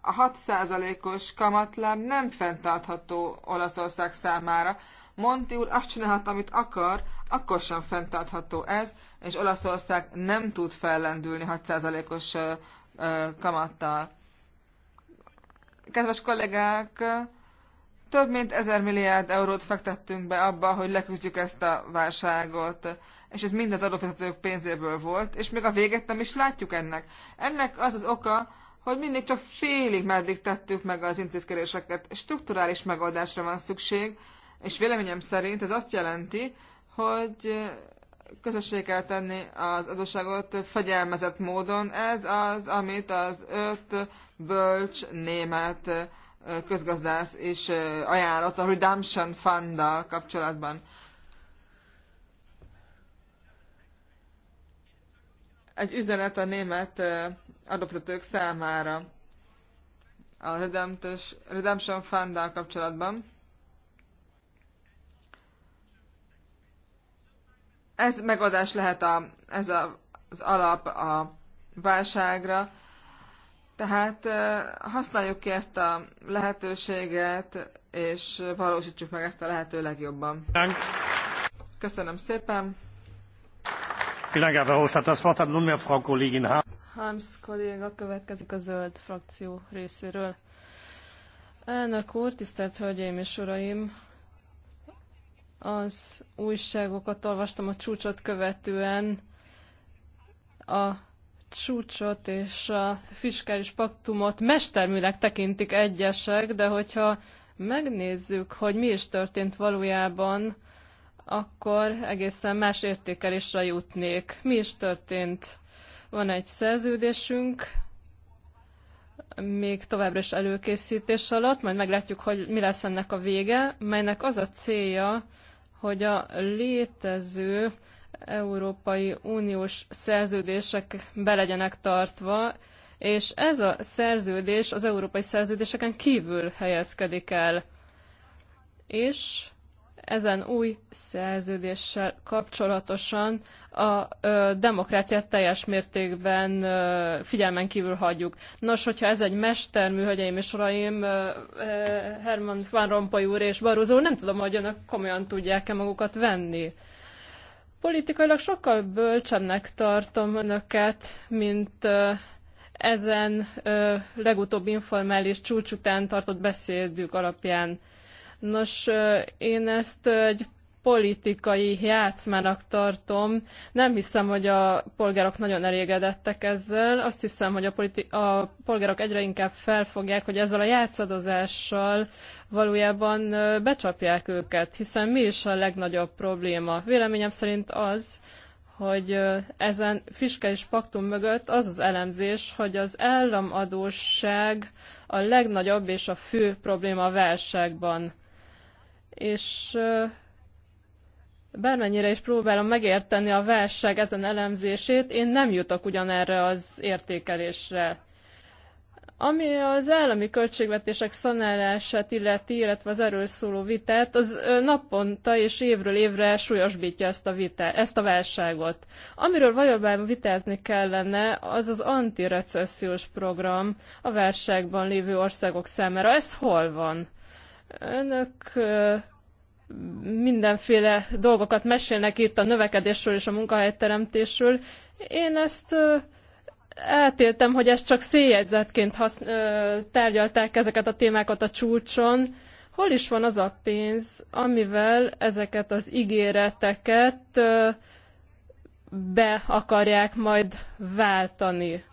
a 6%-os kamatláb nem fenntartható Olaszország számára. Monti úr azt csinálhat, amit akar, akkor sem fenntartható ez, és Olaszország nem tud fellendülni 6%-os kamattal Kedves kollégák, több mint ezer milliárd eurót fektettünk be abba, hogy leküzdjük ezt a válságot, és ez mind az adófizetők pénzéből volt, és még a véget nem is látjuk ennek. Ennek az az oka, hogy mindig csak félig meddig tettük meg az intézkedéseket. Strukturális megoldásra van szükség, és véleményem szerint ez azt jelenti, hogy közössé kell tenni az adósságot fegyelmezett módon. Ez az, amit az öt bölcs német közgazdász is ajánlott a Redemption fund kapcsolatban. Egy üzenet a német adófizetők számára a Redemption fund kapcsolatban. Ez megoldás lehet a, ez a, az alap a válságra. Tehát használjuk ki ezt a lehetőséget, és valósítsuk meg ezt a lehető legjobban. Köszönöm szépen. Harms kolléga következik a zöld frakció részéről. Elnök úr, tisztelt Hölgyeim és Uraim! Az újságokat olvastam a csúcsot követően. A csúcsot és a fiskális paktumot mesterműnek tekintik egyesek, de hogyha megnézzük, hogy mi is történt valójában, akkor egészen más értékelésre jutnék. Mi is történt? Van egy szerződésünk, még továbbra is előkészítés alatt, majd meglátjuk, hogy mi lesz ennek a vége, melynek az a célja, hogy a létező Európai Uniós szerződések be legyenek tartva, és ez a szerződés az európai szerződéseken kívül helyezkedik el. És ezen új szerződéssel kapcsolatosan a demokráciát teljes mértékben figyelmen kívül hagyjuk. Nos, hogyha ez egy mestermű, hölgyeim és uraim, Herman Van Rompuy úr és Barózó, nem tudom, hogy önök komolyan tudják-e magukat venni. Politikailag sokkal bölcsebbnek tartom önöket, mint ezen legutóbb informális csúcs után tartott beszédük alapján. Nos, én ezt egy politikai játszmának tartom. Nem hiszem, hogy a polgárok nagyon elégedettek ezzel. Azt hiszem, hogy a, a polgárok egyre inkább felfogják, hogy ezzel a játszadozással valójában becsapják őket, hiszen mi is a legnagyobb probléma. Véleményem szerint az, hogy ezen fiskális paktum mögött az az elemzés, hogy az államadóság a legnagyobb és a fő probléma a válságban. És Bármennyire is próbálom megérteni a válság ezen elemzését, én nem jutok ugyanerre az értékelésre. Ami az állami költségvetések szanálását illeti, illetve az erről szóló vitát, az naponta és évről évre súlyosbítja ezt a, vita, ezt a válságot. Amiről valójában vitázni kellene, az az antirecessziós program a válságban lévő országok számára. Ez hol van? Önök mindenféle dolgokat mesélnek itt a növekedésről és a munkahelyteremtésről. Én ezt eltéltem, hogy ezt csak széljegyzetként haszn- tárgyalták ezeket a témákat a csúcson. Hol is van az a pénz, amivel ezeket az ígéreteket be akarják majd váltani?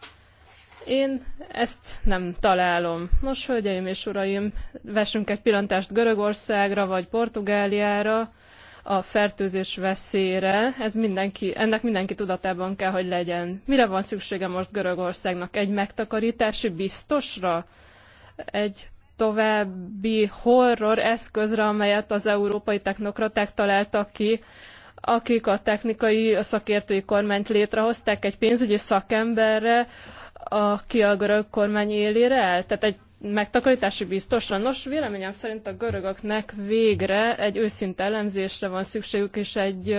Én ezt nem találom. Nos, hölgyeim és uraim, vessünk egy pillantást Görögországra vagy Portugáliára, a fertőzés veszélyre, ez mindenki, ennek mindenki tudatában kell, hogy legyen. Mire van szüksége most Görögországnak? Egy megtakarítási biztosra? Egy további horror eszközre, amelyet az európai technokraták találtak ki, akik a technikai, a szakértői kormányt létrehozták egy pénzügyi szakemberre, a görög kormány élére el? Tehát egy megtakarítási biztosra. Nos, véleményem szerint a görögöknek végre egy őszinte elemzésre van szükségük, és egy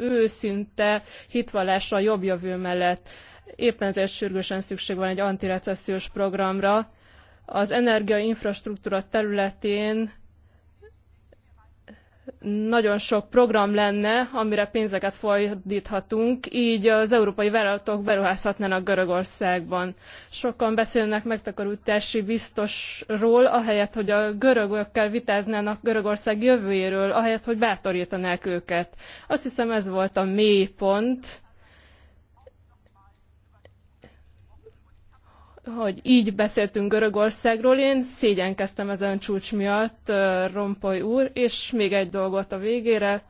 őszinte hitvallásra a jobb jövő mellett. Éppen ezért sürgősen szükség van egy antirecessziós programra. Az energiainfrastruktúra területén nagyon sok program lenne, amire pénzeket fordíthatunk, így az európai vállalatok beruházhatnának Görögországban. Sokan beszélnek megtakarítási biztosról, ahelyett, hogy a görögökkel vitáznának Görögország jövőjéről, ahelyett, hogy bátorítanák őket. Azt hiszem ez volt a mély pont, hogy így beszéltünk Görögországról. Én szégyenkeztem ezen csúcs miatt, Rompoy úr, és még egy dolgot a végére.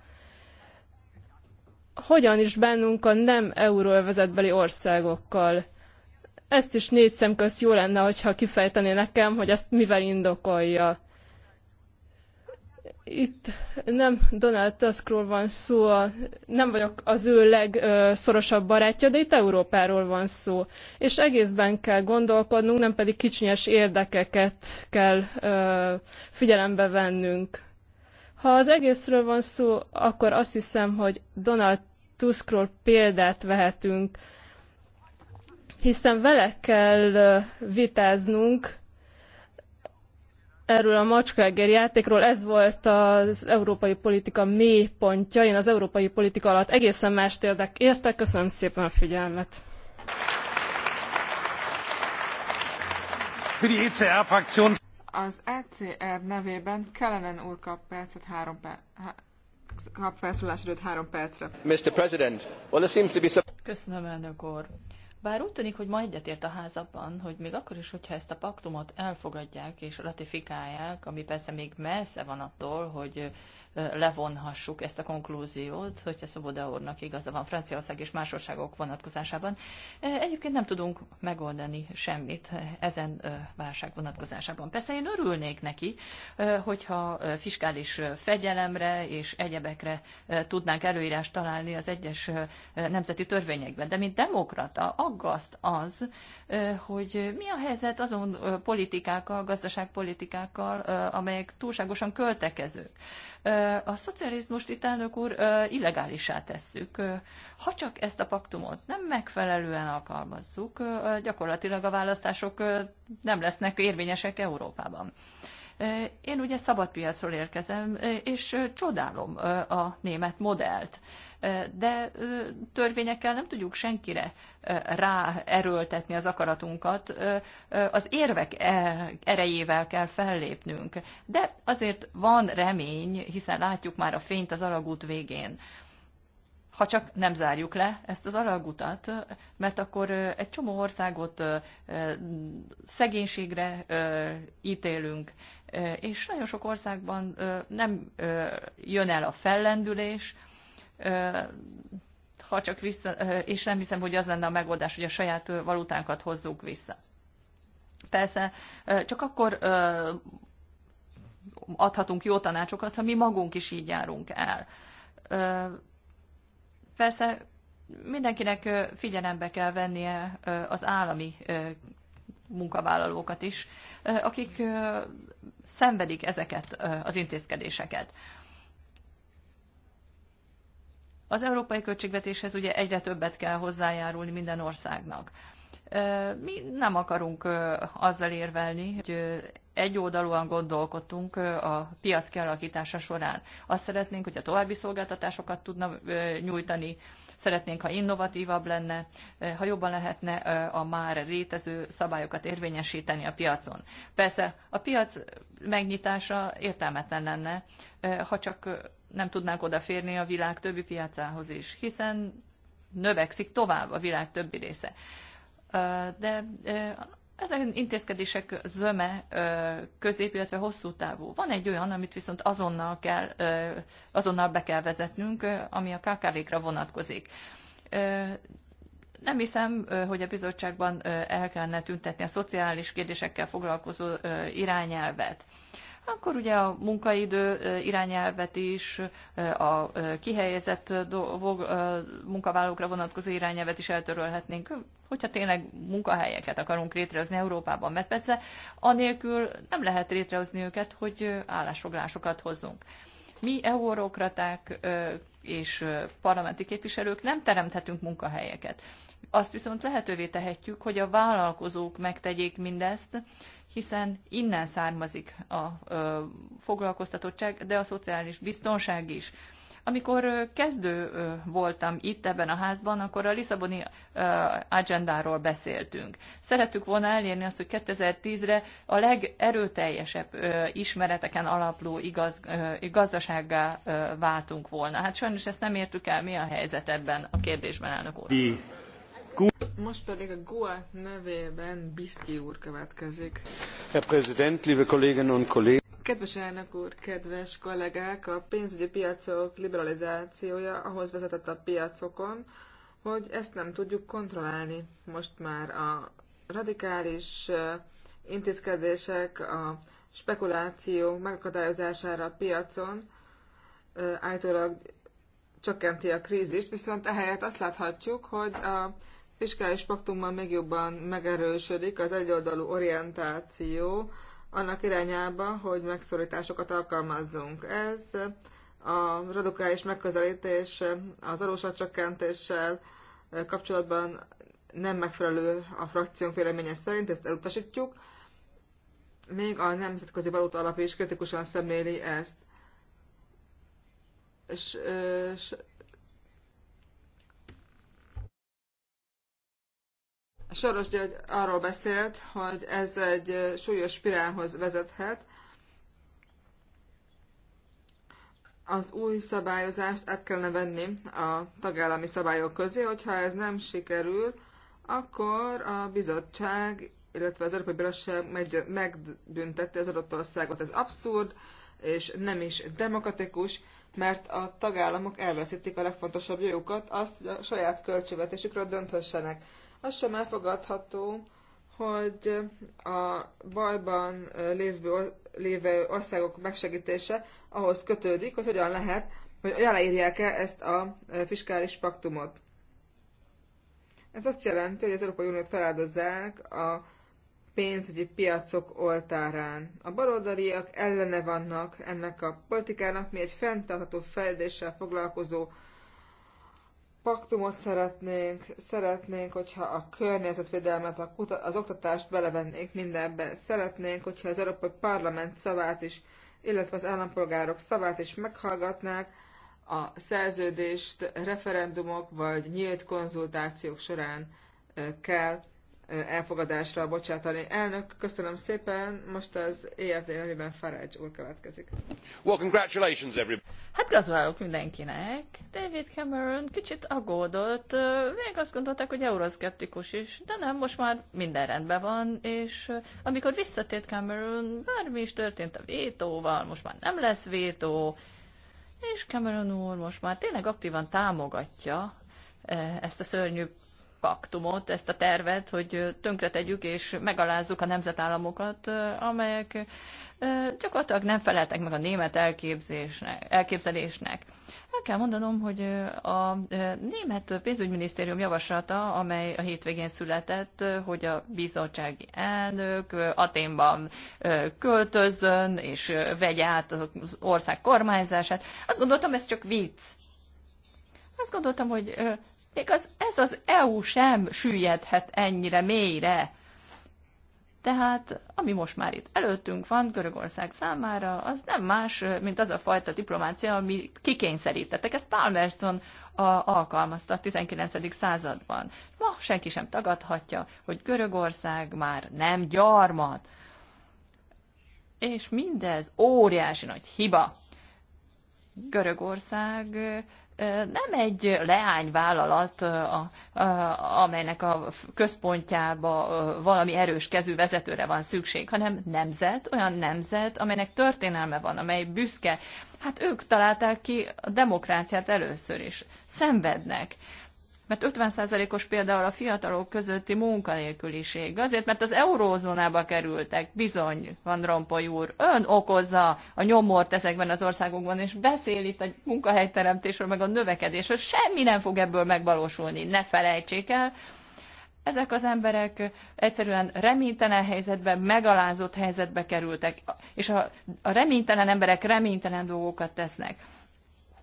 Hogyan is bánunk a nem euróövezetbeli országokkal? Ezt is négy szem közt jó lenne, hogyha kifejtené nekem, hogy ezt mivel indokolja itt nem Donald Tuskról van szó, nem vagyok az ő legszorosabb barátja, de itt Európáról van szó. És egészben kell gondolkodnunk, nem pedig kicsinyes érdekeket kell ö, figyelembe vennünk. Ha az egészről van szó, akkor azt hiszem, hogy Donald Tuskról példát vehetünk, hiszen vele kell vitáznunk, erről a macskaegér játékról, ez volt az európai politika mélypontja. Én az európai politika alatt egészen mást érdek értek. Köszönöm szépen a figyelmet. E az ECR nevében Kellenen úr kap percet három perc, kap felszólás előtt három percre. Mr. President, well, there seems to be some... Köszönöm, elnök úr. Bár úgy tűnik, hogy ma egyetért a ház abban, hogy még akkor is, hogyha ezt a paktumot elfogadják és ratifikálják, ami persze még messze van attól, hogy levonhassuk ezt a konklúziót, hogyha Szoboda úrnak igaza van Franciaország és más országok vonatkozásában. Egyébként nem tudunk megoldani semmit ezen válság vonatkozásában. Persze én örülnék neki, hogyha fiskális fegyelemre és egyebekre tudnánk előírást találni az egyes nemzeti törvényekben, de mint demokrata aggaszt az, hogy mi a helyzet azon politikákkal, gazdaságpolitikákkal, amelyek túlságosan költekezők a szocializmust itt, elnök úr, illegálisá tesszük. Ha csak ezt a paktumot nem megfelelően alkalmazzuk, gyakorlatilag a választások nem lesznek érvényesek Európában. Én ugye szabadpiacról érkezem, és csodálom a német modellt de törvényekkel nem tudjuk senkire ráerőltetni az akaratunkat, az érvek e, erejével kell fellépnünk. De azért van remény, hiszen látjuk már a fényt az alagút végén ha csak nem zárjuk le ezt az alagutat, mert akkor egy csomó országot szegénységre ítélünk, és nagyon sok országban nem jön el a fellendülés, ha csak vissza, és nem hiszem, hogy az lenne a megoldás, hogy a saját valutánkat hozzuk vissza. Persze, csak akkor adhatunk jó tanácsokat, ha mi magunk is így járunk el. Persze mindenkinek figyelembe kell vennie az állami munkavállalókat is, akik szenvedik ezeket az intézkedéseket. Az európai költségvetéshez ugye egyre többet kell hozzájárulni minden országnak. Mi nem akarunk azzal érvelni, hogy egyoldalúan gondolkodtunk a piac kialakítása során. Azt szeretnénk, hogy a további szolgáltatásokat tudna nyújtani, szeretnénk, ha innovatívabb lenne, ha jobban lehetne a már létező szabályokat érvényesíteni a piacon. Persze a piac megnyitása értelmetlen lenne, ha csak nem tudnánk odaférni a világ többi piacához is, hiszen növekszik tovább a világ többi része. De ezek intézkedések zöme közép, illetve hosszú távú. Van egy olyan, amit viszont azonnal, kell, azonnal be kell vezetnünk, ami a KKV-kra vonatkozik. Nem hiszem, hogy a bizottságban el kellene tüntetni a szociális kérdésekkel foglalkozó irányelvet akkor ugye a munkaidő irányelvet is, a kihelyezett munkavállalókra vonatkozó irányelvet is eltörölhetnénk, hogyha tényleg munkahelyeket akarunk létrehozni Európában, mert persze anélkül nem lehet létrehozni őket, hogy állásfoglásokat hozzunk. Mi eurokraták és parlamenti képviselők nem teremthetünk munkahelyeket. Azt viszont lehetővé tehetjük, hogy a vállalkozók megtegyék mindezt, hiszen innen származik a ö, foglalkoztatottság, de a szociális biztonság is. Amikor kezdő voltam itt ebben a házban, akkor a Lisszaboni agendáról beszéltünk. Szerettük volna elérni azt, hogy 2010-re a legerőteljesebb ismereteken alapló igaz, gazdasággá váltunk volna. Hát sajnos ezt nem értük el, mi a helyzet ebben a kérdésben, elnök úr. Most pedig a GUA nevében Biszki úr következik. Herr Präsident, liebe Kolleginnen und Kollegen! Kedves elnök úr, kedves kollégák, a pénzügyi piacok liberalizációja ahhoz vezetett a piacokon, hogy ezt nem tudjuk kontrollálni. Most már a radikális intézkedések, a spekuláció megakadályozására a piacon állítólag csökkenti a krízist, viszont ehelyett azt láthatjuk, hogy a fiskális paktummal még jobban megerősödik az egyoldalú orientáció annak irányába, hogy megszorításokat alkalmazzunk. Ez a radikális megközelítés az adósatcsökkentéssel kapcsolatban nem megfelelő a frakciónk véleménye szerint, ezt elutasítjuk. Még a Nemzetközi Valuta Alap is kritikusan szemléli ezt. És, és Soros György arról beszélt, hogy ez egy súlyos spirálhoz vezethet. Az új szabályozást át kellene venni a tagállami szabályok közé, hogyha ez nem sikerül, akkor a bizottság, illetve az Európai Bíróság megbüntette az adott országot. Ez abszurd, és nem is demokratikus, mert a tagállamok elveszítik a legfontosabb jogukat, azt, hogy a saját költségvetésükről dönthessenek az sem elfogadható, hogy a bajban lévő, lévő országok megsegítése ahhoz kötődik, hogy hogyan lehet, hogy aláírják-e ezt a fiskális paktumot. Ez azt jelenti, hogy az Európai Uniót feláldozzák a pénzügyi piacok oltárán. A baloldaliak ellene vannak ennek a politikának, mi egy fenntartható fejlődéssel foglalkozó paktumot szeretnénk, szeretnénk, hogyha a környezetvédelmet, a kuta- az oktatást belevennénk mindenbe, szeretnénk, hogyha az Európai Parlament szavát is, illetve az állampolgárok szavát is meghallgatnák a szerződést referendumok vagy nyílt konzultációk során kell elfogadásra bocsátani. Elnök, köszönöm szépen, most az EFD nevében Farage úr következik. Well, congratulations everybody. Hát gratulálok mindenkinek. David Cameron kicsit aggódott, még azt gondolták, hogy euroszkeptikus is, de nem, most már minden rendben van, és amikor visszatért Cameron, bármi is történt a vétóval, most már nem lesz vétó, és Cameron úr most már tényleg aktívan támogatja ezt a szörnyű paktumot, ezt a tervet, hogy tönkretegyük és megalázzuk a nemzetállamokat, amelyek gyakorlatilag nem feleltek meg a német elképzésnek, elképzelésnek. El kell mondanom, hogy a német pénzügyminisztérium javaslata, amely a hétvégén született, hogy a bizottsági elnök Aténban költözzön és vegye át az ország kormányzását, azt gondoltam, ez csak vicc. Azt gondoltam, hogy az, ez az EU sem süllyedhet ennyire mélyre. Tehát, ami most már itt előttünk van Görögország számára, az nem más, mint az a fajta diplomácia, ami kikényszerítettek. Ezt Palmerston a, alkalmazta a 19. században. Ma senki sem tagadhatja, hogy Görögország már nem gyarmat. És mindez óriási nagy hiba. Görögország nem egy leányvállalat, amelynek a központjába valami erős kezű vezetőre van szükség, hanem nemzet, olyan nemzet, amelynek történelme van, amely büszke. Hát ők találták ki a demokráciát először is. Szenvednek mert 50%-os például a fiatalok közötti munkanélküliség. Azért, mert az eurózónába kerültek, bizony, Van Rompuy úr, ön okozza a nyomort ezekben az országokban, és beszél itt a munkahelyteremtésről, meg a növekedésről, semmi nem fog ebből megvalósulni, ne felejtsék el. Ezek az emberek egyszerűen reménytelen helyzetbe, megalázott helyzetbe kerültek, és a, a reménytelen emberek reménytelen dolgokat tesznek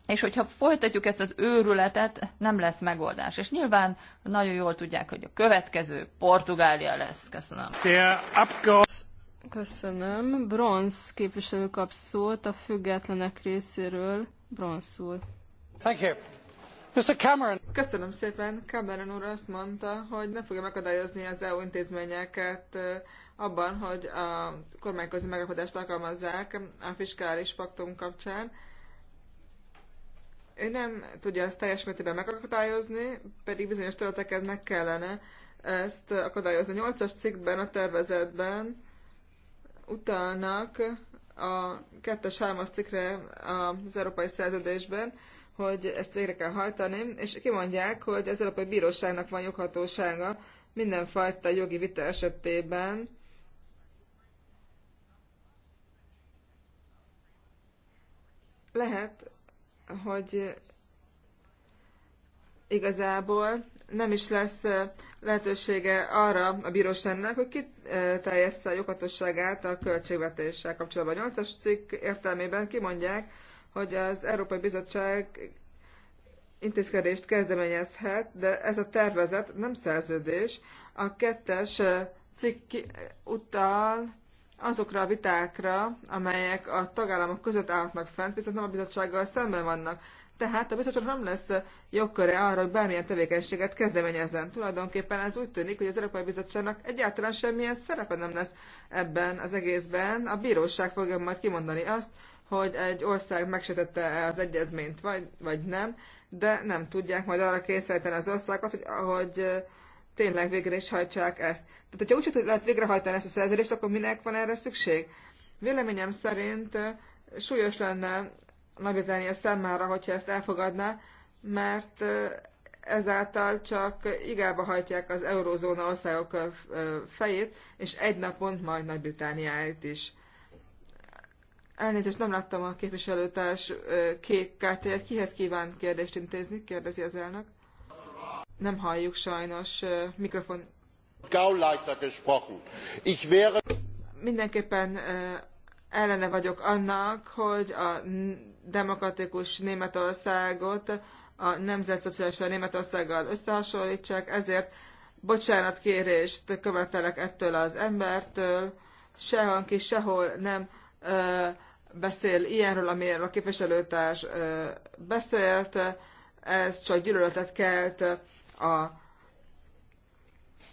és hogyha folytatjuk ezt az őrületet, nem lesz megoldás. És nyilván nagyon jól tudják, hogy a következő Portugália lesz. Köszönöm. Köszönöm. Bronz képviselő kap szót a függetlenek részéről. Bronzul. Thank you. Mr. Cameron. Köszönöm szépen. Cameron úr azt mondta, hogy nem fogja megadályozni az EU intézményeket eh, abban, hogy a kormányközi megakadást alkalmazzák a fiskális paktum kapcsán ő nem tudja ezt teljes mértékben megakadályozni, pedig bizonyos területeket meg kellene ezt akadályozni. A 8-as cikkben, a tervezetben utalnak a 2-3-as cikkre az Európai Szerződésben, hogy ezt végre kell hajtani, és kimondják, hogy az Európai Bíróságnak van joghatósága mindenfajta jogi vita esetében, lehet hogy igazából nem is lesz lehetősége arra a bíróságnak, hogy kiteljesse a joghatóságát a költségvetéssel kapcsolatban. A 8 cikk értelmében kimondják, hogy az Európai Bizottság intézkedést kezdeményezhet, de ez a tervezet nem szerződés. A kettes cikk utal azokra a vitákra, amelyek a tagállamok között állhatnak fent, viszont nem a bizottsággal szemben vannak. Tehát a bizottság nem lesz jogköre arra, hogy bármilyen tevékenységet kezdeményezzen. Tulajdonképpen ez úgy tűnik, hogy az Európai Bizottságnak egyáltalán semmilyen szerepe nem lesz ebben az egészben. A bíróság fogja majd kimondani azt, hogy egy ország megszüntette-e az egyezményt, vagy, vagy nem, de nem tudják majd arra készíteni az országot, hogy, hogy tényleg végre is hajtsák ezt. Tehát, hogyha úgyse lehet végrehajtani ezt a szerződést, akkor minek van erre szükség? Véleményem szerint súlyos lenne Nagy-Britannia számára, hogyha ezt elfogadná, mert ezáltal csak igába hajtják az eurózóna országok fejét, és egy napon majd Nagy-Britániáit is. Elnézést, nem láttam a képviselőtárs kék kártyáját. Kihez kíván kérdést intézni? Kérdezi az elnök. Nem halljuk sajnos. Mikrofon. Gauleiter gesprochen. Ich wäre... Mindenképpen ellene vagyok annak, hogy a demokratikus Németországot a nemzetszocialista Németországgal összehasonlítsák, ezért bocsánatkérést követelek ettől az embertől, sehol ki, sehol nem ö, beszél ilyenről, amiről a képviselőtárs ö, beszélt, ez csak gyűlöletet kelt a,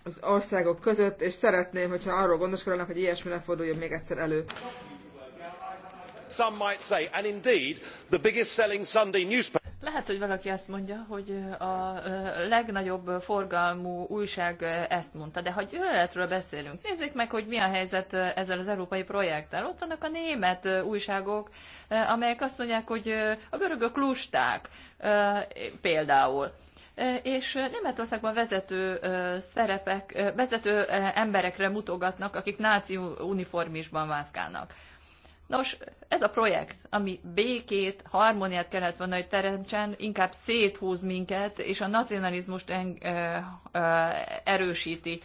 az országok között, és szeretném, hogyha arról gondoskodnak, hogy ilyesmi ne forduljon még egyszer elő. Some might say, and indeed, the biggest selling Sunday newspaper lehet, hogy valaki azt mondja, hogy a legnagyobb forgalmú újság ezt mondta, de ha gyűlöletről beszélünk, nézzék meg, hogy mi a helyzet ezzel az európai projekttel. Ott vannak a német újságok, amelyek azt mondják, hogy a görögök lusták, például. És Németországban vezető szerepek, vezető emberekre mutogatnak, akik náci uniformisban mászkálnak Nos, ez a projekt, ami békét, harmóniát kellett volna, hogy teremtsen, inkább széthúz minket, és a nacionalizmust en, ö, ö, erősíti.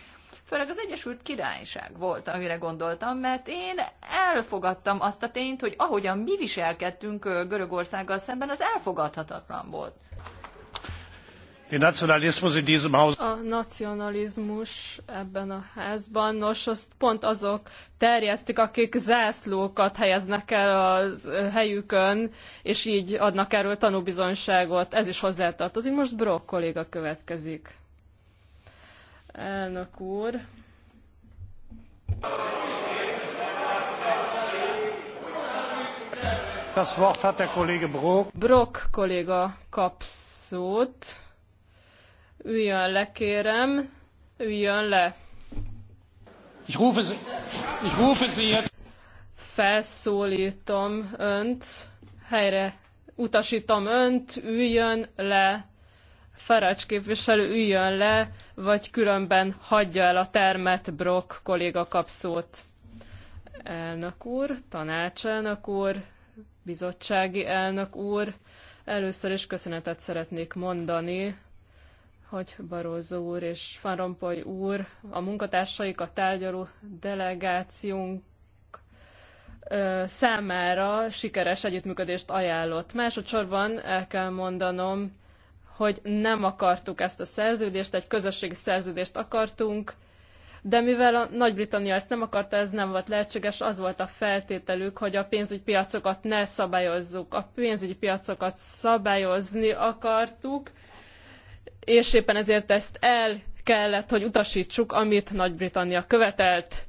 Főleg az Egyesült Királyság volt, amire gondoltam, mert én elfogadtam azt a tényt, hogy ahogyan mi viselkedtünk Görögországgal szemben, az elfogadhatatlan volt. A nacionalizmus ebben a házban, nos, azt pont azok terjesztik, akik zászlókat helyeznek el a helyükön, és így adnak erről tanúbizonyságot. Ez is hozzátartozik. Most Brock kolléga következik. Elnök úr. Das Wort hat der Kollege Brock. Brock kolléga kap szót. Üljön le, kérem. Üljön le. Ich rufe Sie, ich rufe Sie jetzt. Felszólítom önt, helyre utasítom önt, üljön le. Faracs képviselő üljön le, vagy különben hagyja el a termet, Brock kolléga kap szót. Elnök úr, tanácselnök úr, bizottsági elnök úr, először is köszönetet szeretnék mondani hogy Barózó úr és Van úr, a munkatársaik, a tárgyaló delegációnk számára sikeres együttműködést ajánlott. Másodszorban el kell mondanom, hogy nem akartuk ezt a szerződést, egy közösségi szerződést akartunk, de mivel a Nagy-Britannia ezt nem akarta, ez nem volt lehetséges, az volt a feltételük, hogy a pénzügyi piacokat ne szabályozzuk. A pénzügyi piacokat szabályozni akartuk, és éppen ezért ezt el kellett, hogy utasítsuk, amit Nagy-Britannia követelt.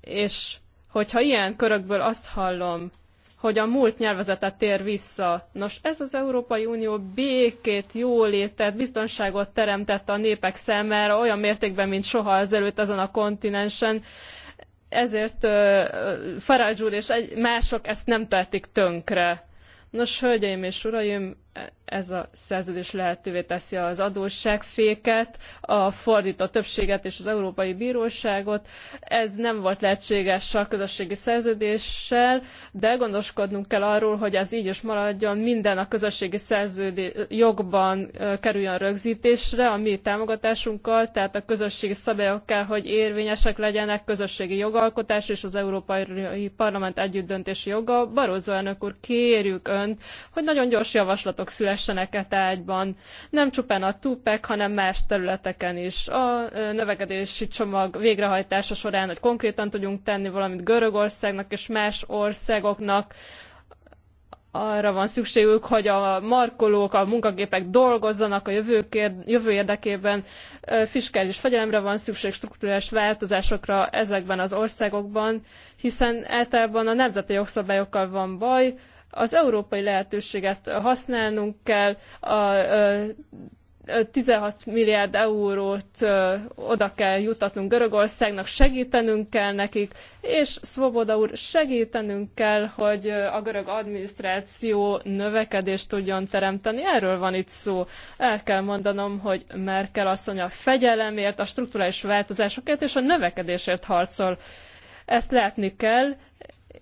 És hogyha ilyen körökből azt hallom, hogy a múlt nyelvezetet tér vissza. Nos, ez az Európai Unió békét, jólétet, biztonságot teremtett a népek számára olyan mértékben, mint soha ezelőtt ezen a kontinensen. Ezért uh, Farage úr és egy, mások ezt nem tehetik tönkre. Nos, hölgyeim és uraim, ez a szerződés lehetővé teszi az adósságféket, a fordító többséget és az Európai Bíróságot. Ez nem volt lehetséges a közösségi szerződéssel, de gondoskodnunk kell arról, hogy ez így is maradjon, minden a közösségi jogban kerüljön rögzítésre, a mi támogatásunkkal, tehát a közösségi szabályok kell, hogy érvényesek legyenek, közösségi jogalkotás és az Európai Parlament együttdöntési joga. Barozó elnök úr, kérjük önt, hogy nagyon gyors javaslatok szülessenek lehessenek e tárgyban, nem csupán a TUPEK, hanem más területeken is. A növekedési csomag végrehajtása során, hogy konkrétan tudjunk tenni valamit Görögországnak és más országoknak, arra van szükségük, hogy a markolók, a munkagépek dolgozzanak a jövőkér, jövő érdekében, fiskális fegyelemre van szükség, strukturális változásokra ezekben az országokban, hiszen általában a nemzeti jogszabályokkal van baj, az európai lehetőséget használnunk kell, a 16 milliárd eurót oda kell jutatnunk Görögországnak, segítenünk kell nekik, és Svoboda úr, segítenünk kell, hogy a görög adminisztráció növekedést tudjon teremteni. Erről van itt szó. El kell mondanom, hogy Merkel asszony a fegyelemért, a strukturális változásokért és a növekedésért harcol. Ezt látni kell,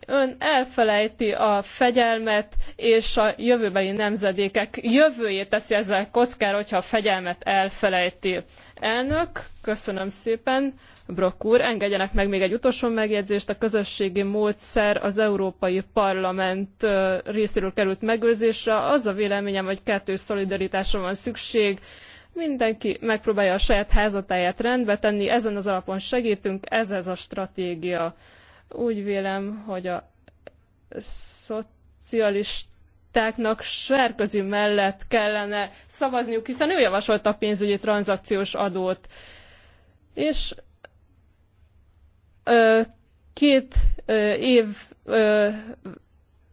ön elfelejti a fegyelmet, és a jövőbeli nemzedékek jövőjét teszi ezzel kockára, hogyha a fegyelmet elfelejti. Elnök, köszönöm szépen. Brok úr, engedjenek meg még egy utolsó megjegyzést. A közösségi módszer az Európai Parlament részéről került megőrzésre. Az a véleményem, hogy kettős szolidaritásra van szükség. Mindenki megpróbálja a saját házatáját rendbe tenni, ezen az alapon segítünk, ez ez a stratégia. Úgy vélem, hogy a szocialistáknak Sárközi mellett kellene szavazniuk, hiszen ő javasolta a pénzügyi tranzakciós adót. És ö, két ö, év ö,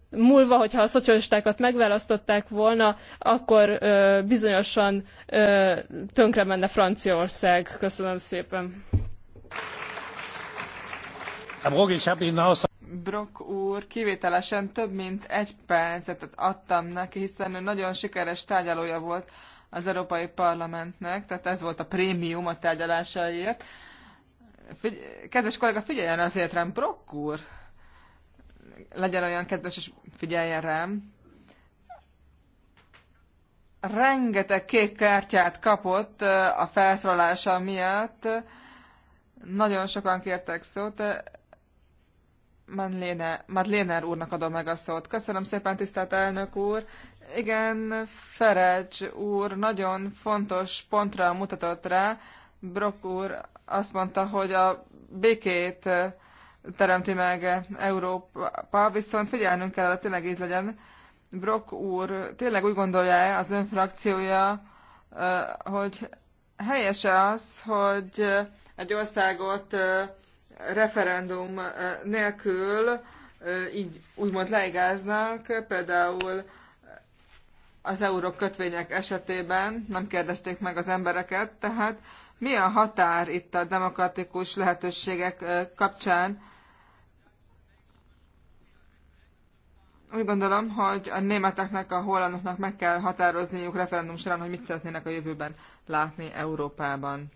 múlva, hogyha a szocialistákat megválasztották volna, akkor ö, bizonyosan ö, tönkre menne Franciaország. Köszönöm szépen. Brock úr kivételesen több mint egy percet adtam neki, hiszen ő nagyon sikeres tárgyalója volt az Európai Parlamentnek, tehát ez volt a prémium a tárgyalásaiért. Figy- kedves kollega, figyeljen azért rám, Brock úr! Legyen olyan kedves, és figyeljen rám. Rengeteg kék kártyát kapott a felszólalása miatt. Nagyon sokan kértek szót Madléner úrnak adom meg a szót. Köszönöm szépen, tisztelt elnök úr. Igen, Ferecs úr nagyon fontos pontra mutatott rá. Brok úr azt mondta, hogy a békét teremti meg Európa, viszont figyelnünk kell, hogy tényleg így legyen. Brok úr tényleg úgy gondolja-e az ön frakciója, hogy helyese az, hogy egy országot referendum eh, nélkül eh, így úgymond leigáznak, például az euró kötvények esetében nem kérdezték meg az embereket, tehát mi a határ itt a demokratikus lehetőségek eh, kapcsán? Úgy gondolom, hogy a németeknek, a hollandoknak meg kell határozniuk referendum során, hogy mit szeretnének a jövőben látni Európában.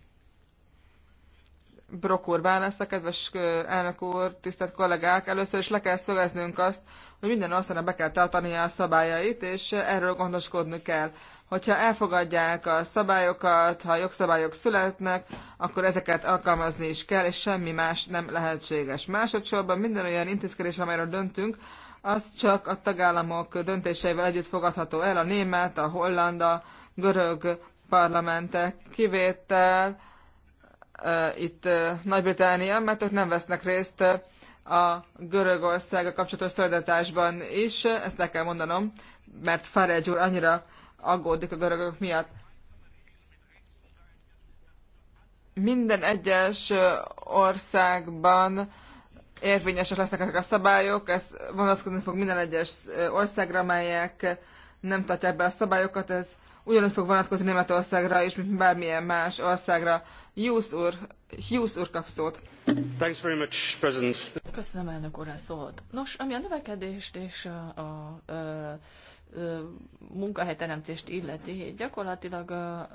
Brok lesz a kedves elnök úr, tisztelt kollégák, először is le kell szögeznünk azt, hogy minden országnak be kell tartania a szabályait, és erről gondoskodni kell. Hogyha elfogadják a szabályokat, ha jogszabályok születnek, akkor ezeket alkalmazni is kell, és semmi más nem lehetséges. Másodszorban minden olyan intézkedés, amelyről döntünk, az csak a tagállamok döntéseivel együtt fogadható el, a német, a holland, a görög parlamentek kivétel, itt Nagy-Britannia, mert ők nem vesznek részt a a kapcsolatos szolidatásban is, ezt le kell mondanom, mert Farage úr annyira aggódik a görögök miatt. Minden egyes országban érvényesek lesznek ezek a szabályok, ez vonatkozni fog minden egyes országra, amelyek nem tartják be a szabályokat, ez ugyanúgy fog vonatkozni Németországra is, mint bármilyen más országra Hughes úr, Hughes úr kap szót. Thanks very much, President. Köszönöm elnök úr a szót. Nos, ami a növekedést és a, a, a, a munkahelyteremtést illeti, gyakorlatilag a,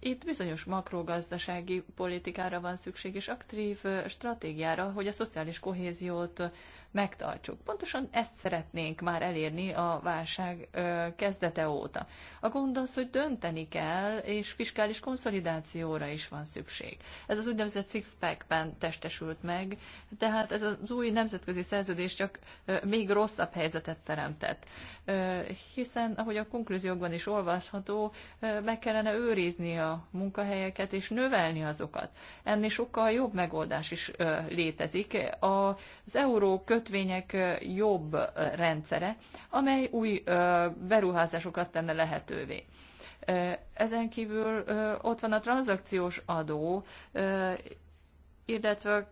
itt bizonyos makrogazdasági politikára van szükség, és aktív stratégiára, hogy a szociális kohéziót megtartsuk. Pontosan ezt szeretnénk már elérni a válság kezdete óta. A gond az, hogy dönteni kell, és fiskális konszolidációra is van szükség. Ez az úgynevezett six-pack-ben testesült meg, tehát ez az új nemzetközi szerződés csak még rosszabb helyzetet teremtett. Hiszen, ahogy a konklúziókban is olvasható, meg kellene őrizni a munkahelyeket és növelni azokat. Ennél sokkal jobb megoldás is létezik. A Az euró köz kötvények jobb rendszere, amely új beruházásokat tenne lehetővé. Ezen kívül ott van a tranzakciós adó, illetve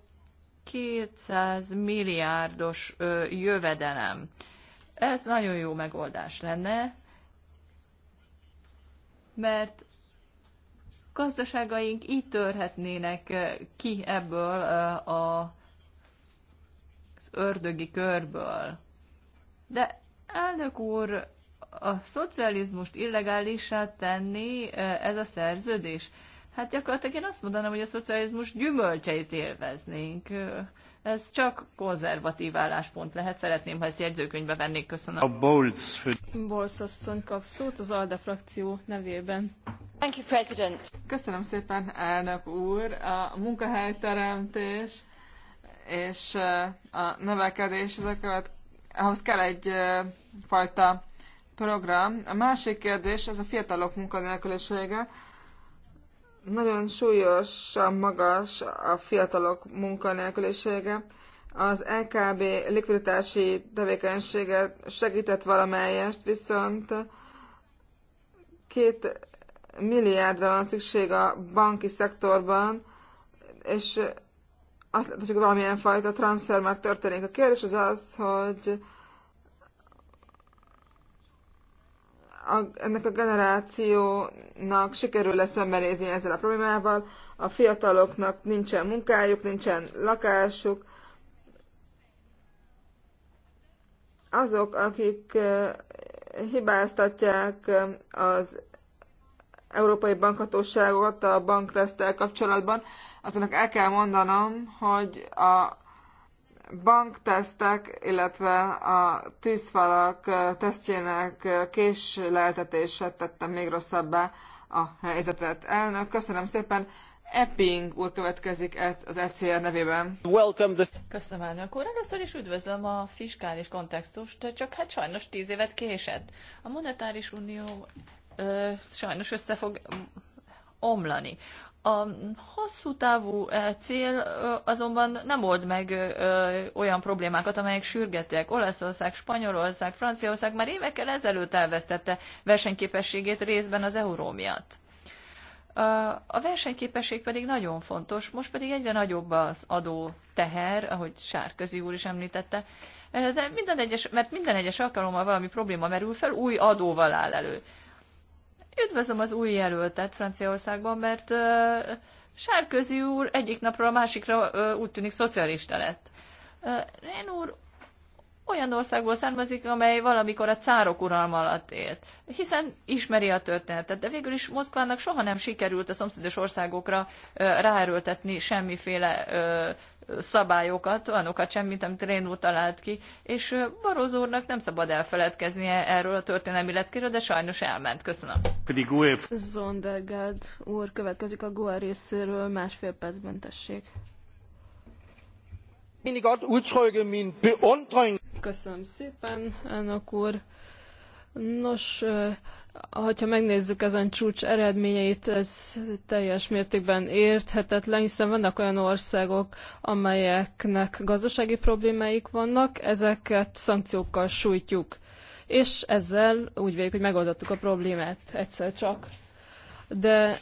200 milliárdos jövedelem. Ez nagyon jó megoldás lenne, mert gazdaságaink így törhetnének ki ebből a ördögi körből. De elnök úr, a szocializmust illegálisá tenni e, ez a szerződés. Hát gyakorlatilag én azt mondanám, hogy a szocializmus gyümölcseit élveznénk. E, ez csak konzervatív álláspont lehet. Szeretném, ha ezt jegyzőkönyvbe vennék. Köszönöm. A Bolz. Bolz asszony kap szót az ALDE frakció nevében. Thank you, President. Köszönöm szépen, elnök úr. A munkahelyteremtés és eh, a növekedés, ez a követ, ahhoz kell egy eh, fajta program. A másik kérdés, ez a fiatalok munkanélkülisége. Nagyon súlyosan magas a fiatalok munkanélkülisége. Az LKB likviditási tevékenysége segített valamelyest, viszont két milliárdra van szükség a banki szektorban, és azt láthatjuk, hogy valamilyen fajta transfer már történik. A kérdés az az, hogy a, ennek a generációnak sikerül lesz szembenézni ezzel a problémával, a fiataloknak nincsen munkájuk, nincsen lakásuk, azok, akik eh, hibáztatják eh, az európai bankhatóságot a bankteszttel kapcsolatban, azonnak el kell mondanom, hogy a banktesztek, illetve a tűzfalak tesztjének késleltetése tette még rosszabbá a helyzetet. Elnök, köszönöm szépen. Epping úr következik e- az ECR nevében. Welcome the... Köszönöm, elnök úr. Először is üdvözlöm a fiskális kontextust, csak hát sajnos tíz évet késett. A monetáris unió sajnos össze fog omlani. A hosszú távú cél azonban nem old meg olyan problémákat, amelyek sürgetőek. Olaszország, Spanyolország, Franciaország már évekkel ezelőtt elvesztette versenyképességét részben az euró miatt. A versenyképesség pedig nagyon fontos, most pedig egyre nagyobb az adó teher, ahogy Sárközi úr is említette, de minden egyes, mert minden egyes alkalommal valami probléma merül fel, új adóval áll elő. Üdvözlöm az új jelöltet Franciaországban, mert Sárközi úr egyik napról a másikra úgy tűnik szocialista lett. Ren úr olyan országból származik, amely valamikor a cárok uralma alatt élt, hiszen ismeri a történetet, de végül is Moszkvának soha nem sikerült a szomszédos országokra ráerőltetni semmiféle szabályokat, olyanokat sem, mint amit Rénó talált ki, és Barozó úrnak nem szabad elfeledkeznie erről a történelmi leckéről, de sajnos elment. Köszönöm. Pedig új. úr következik a Goa részéről, másfél percben tessék. Köszönöm szépen, elnök úr. Nos, ha megnézzük ezen csúcs eredményeit, ez teljes mértékben érthetetlen, hiszen vannak olyan országok, amelyeknek gazdasági problémáik vannak, ezeket szankciókkal sújtjuk. És ezzel úgy véljük, hogy megoldottuk a problémát egyszer csak. De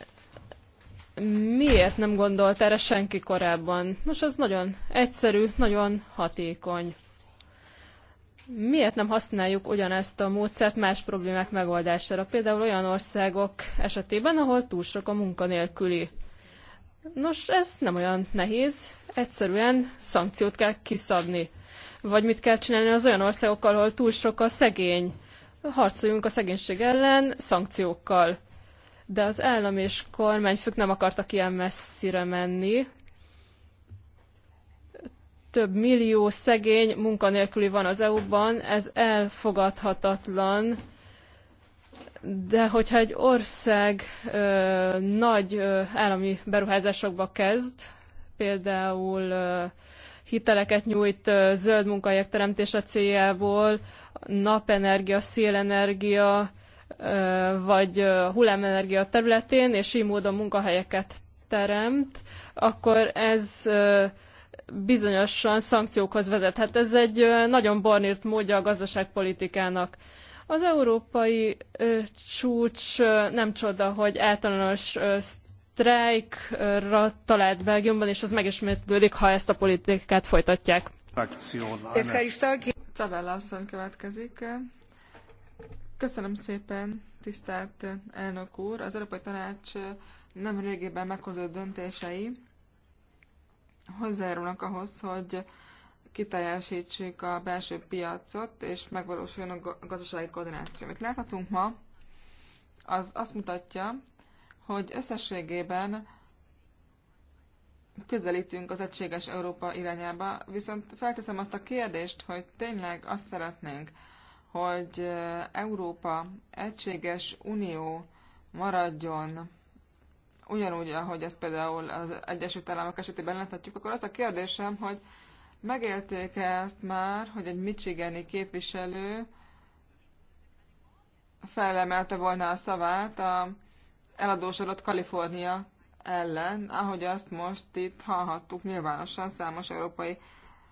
miért nem gondolt erre senki korábban? Nos, ez nagyon egyszerű, nagyon hatékony miért nem használjuk ugyanezt a módszert más problémák megoldására, például olyan országok esetében, ahol túl sok a munkanélküli. Nos, ez nem olyan nehéz, egyszerűen szankciót kell kiszabni. Vagy mit kell csinálni az olyan országokkal, ahol túl sok a szegény. Harcoljunk a szegénység ellen szankciókkal. De az állam és kormányfők nem akartak ilyen messzire menni, több millió szegény munkanélküli van az EU-ban, ez elfogadhatatlan, de hogyha egy ország ö, nagy ö, állami beruházásokba kezd, például ö, hiteleket nyújt ö, zöld munkahelyek teremtése céljából, napenergia, szélenergia, ö, vagy ö, hullámenergia területén, és így módon munkahelyeket teremt, akkor ez ö, bizonyosan szankciókhoz vezethet. Ez egy nagyon bornírt módja a gazdaságpolitikának. Az európai ö, csúcs ö, nem csoda, hogy általános ö, sztrájkra talált Belgiumban, és az megismétlődik, ha ezt a politikát folytatják. Cavella asszony következik. Köszönöm szépen, tisztelt elnök úr. Az Európai Tanács nem régében meghozott döntései hozzájárulnak ahhoz, hogy kiteljesítsék a belső piacot, és megvalósuljon a gazdasági koordináció. Amit láthatunk ma, az azt mutatja, hogy összességében közelítünk az egységes Európa irányába, viszont felteszem azt a kérdést, hogy tényleg azt szeretnénk, hogy Európa egységes unió maradjon ugyanúgy, ahogy ezt például az Egyesült Államok esetében láthatjuk, akkor az a kérdésem, hogy megélték -e ezt már, hogy egy michigani képviselő felemelte volna a szavát a eladósodott Kalifornia ellen, ahogy azt most itt hallhattuk nyilvánosan számos európai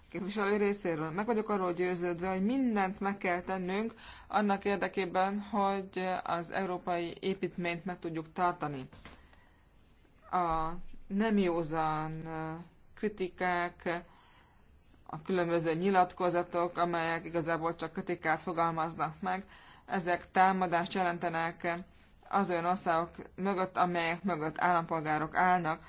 képviselő részéről. Meg vagyok arról győződve, hogy mindent meg kell tennünk annak érdekében, hogy az európai építményt meg tudjuk tartani a nem józan kritikák, a különböző nyilatkozatok, amelyek igazából csak kritikát fogalmaznak meg, ezek támadást jelentenek az olyan országok mögött, amelyek mögött állampolgárok állnak.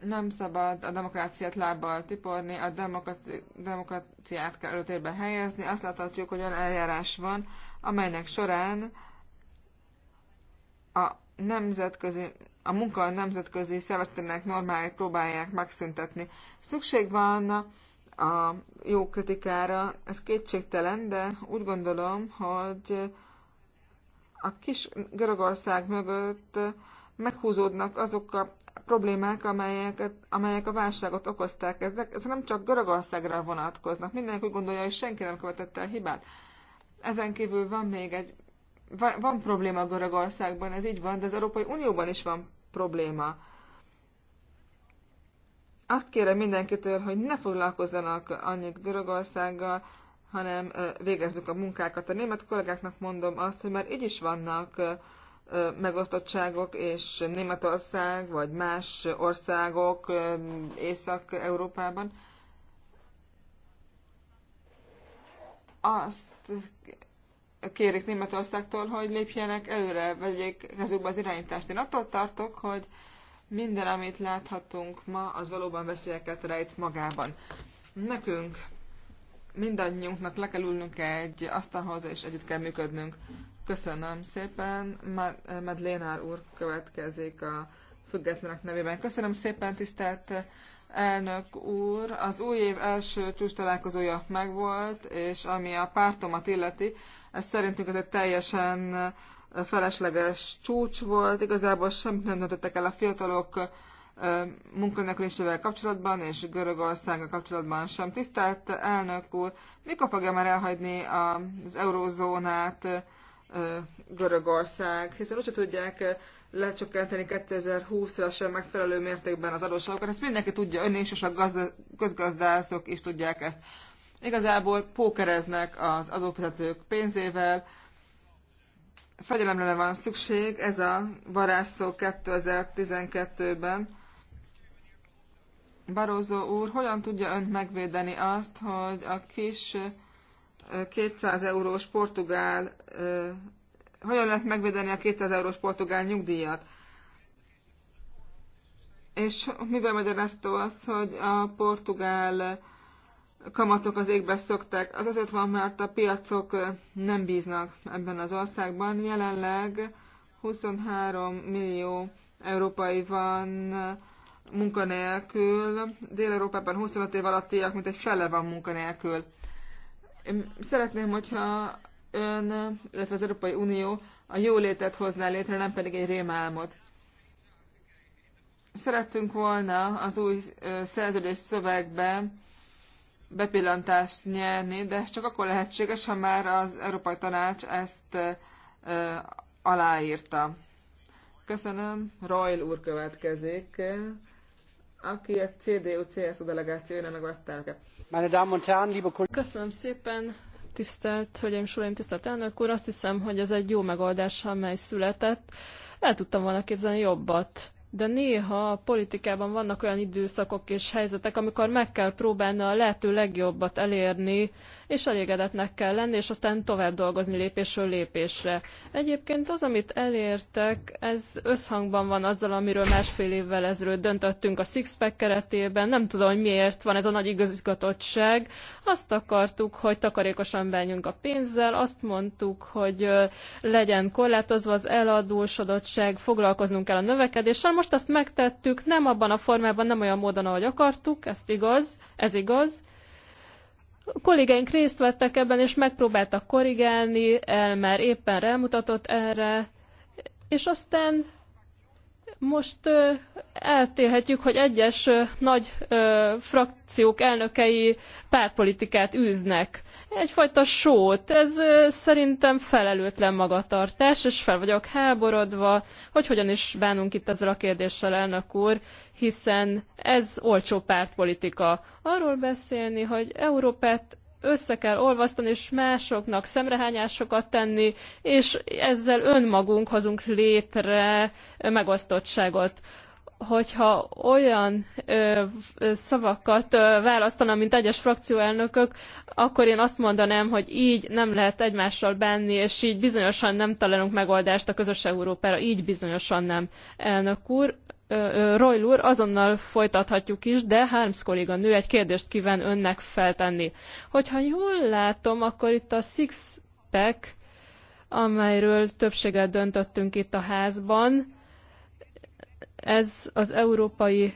Nem szabad a demokráciát lábbal tiporni, a demokraci- demokráciát kell előtérbe helyezni. Azt láthatjuk, hogy olyan eljárás van, amelynek során a nemzetközi a munka a nemzetközi szervezetének normáit próbálják megszüntetni. Szükség van a jó kritikára, ez kétségtelen, de úgy gondolom, hogy a kis Görögország mögött meghúzódnak azok a problémák, amelyeket, amelyek a válságot okozták. Ezek, ezek nem csak Görögországra vonatkoznak. Mindenki úgy gondolja, hogy senki nem követett el hibát. Ezen kívül van még egy van, van probléma Görögországban, ez így van, de az Európai Unióban is van probléma. Azt kérem mindenkitől, hogy ne foglalkozzanak annyit Görögországgal, hanem végezzük a munkákat. A német kollégáknak mondom azt, hogy már így is vannak megosztottságok, és Németország, vagy más országok Észak-Európában. Azt kérik Németországtól, hogy lépjenek előre, vegyék kezükbe az irányítást. Én attól tartok, hogy minden, amit láthatunk ma, az valóban veszélyeket rejt magában. Nekünk, mindannyiunknak le kell ülnünk egy asztalhoz, és együtt kell működnünk. Köszönöm szépen. Medlénár úr következik a függetlenek nevében. Köszönöm szépen, tisztelt elnök úr. Az új év első csúcs találkozója megvolt, és ami a pártomat illeti, ez szerintünk ez egy teljesen felesleges csúcs volt, igazából semmit nem döntöttek el a fiatalok munkanélkülisével kapcsolatban és Görögországgal kapcsolatban sem. Tisztelt elnök úr, mikor fogja már elhagyni az eurózónát Görögország? Hiszen úgyse tudják lecsökkenteni 2020-ra sem megfelelő mértékben az adósságokat. Ezt mindenki tudja, ön is, és a gazda, közgazdászok is tudják ezt. Igazából pókereznek az adófizetők pénzével, fegyelemre van szükség, ez a varázsszó 2012-ben. Barózó úr, hogyan tudja önt megvédeni azt, hogy a kis 200 eurós portugál, hogyan lehet megvédeni a 200 eurós portugál nyugdíjat? És mivel magyarázható az, hogy a portugál kamatok az égbe szokták. Az azért van, mert a piacok nem bíznak ebben az országban. Jelenleg 23 millió európai van munkanélkül, Dél-Európában 25 év alattiak, mint egy fele van munkanélkül. Én szeretném, hogyha ön, illetve az Európai Unió a jólétet hozná létre, nem pedig egy rémálmot. Szerettünk volna az új szerződés szövegben, bepillantást nyerni, de ez csak akkor lehetséges, ha már az Európai Tanács ezt ö, aláírta. Köszönöm. Royal úr következik, aki a CDU-CSU delegációjának megválasztálka. Köszönöm szépen, tisztelt Hölgyeim, Uraim, tisztelt elnök úr. Azt hiszem, hogy ez egy jó megoldás, amely született. El tudtam volna képzelni jobbat de néha a politikában vannak olyan időszakok és helyzetek, amikor meg kell próbálni a lehető legjobbat elérni, és elégedetnek kell lenni, és aztán tovább dolgozni lépésről lépésre. Egyébként az, amit elértek, ez összhangban van azzal, amiről másfél évvel ezelőtt döntöttünk a Sixpack keretében. Nem tudom, hogy miért van ez a nagy igazgatottság. Azt akartuk, hogy takarékosan bánjunk a pénzzel, azt mondtuk, hogy legyen korlátozva az eladósodottság, foglalkoznunk kell a növekedéssel, most azt megtettük, nem abban a formában, nem olyan módon, ahogy akartuk, ezt igaz, ez igaz. A kollégáink részt vettek ebben, és megpróbáltak korrigálni, el már éppen rámutatott erre, és aztán most eltérhetjük, hogy egyes nagy frakciók elnökei pártpolitikát űznek. Egyfajta sót. Ez szerintem felelőtlen magatartás, és fel vagyok háborodva, hogy hogyan is bánunk itt ezzel a kérdéssel, elnök úr, hiszen ez olcsó pártpolitika. Arról beszélni, hogy Európát össze kell olvasztani, és másoknak szemrehányásokat tenni, és ezzel önmagunk hozunk létre megosztottságot hogyha olyan ö, szavakat ö, választanám, mint egyes frakcióelnökök, akkor én azt mondanám, hogy így nem lehet egymással bánni, és így bizonyosan nem találunk megoldást a közös Európára, így bizonyosan nem, elnök úr. Royl úr, azonnal folytathatjuk is, de Harms kolléga nő egy kérdést kíván önnek feltenni. Hogyha jól látom, akkor itt a six-pack, amelyről többséget döntöttünk itt a házban, ez az Európai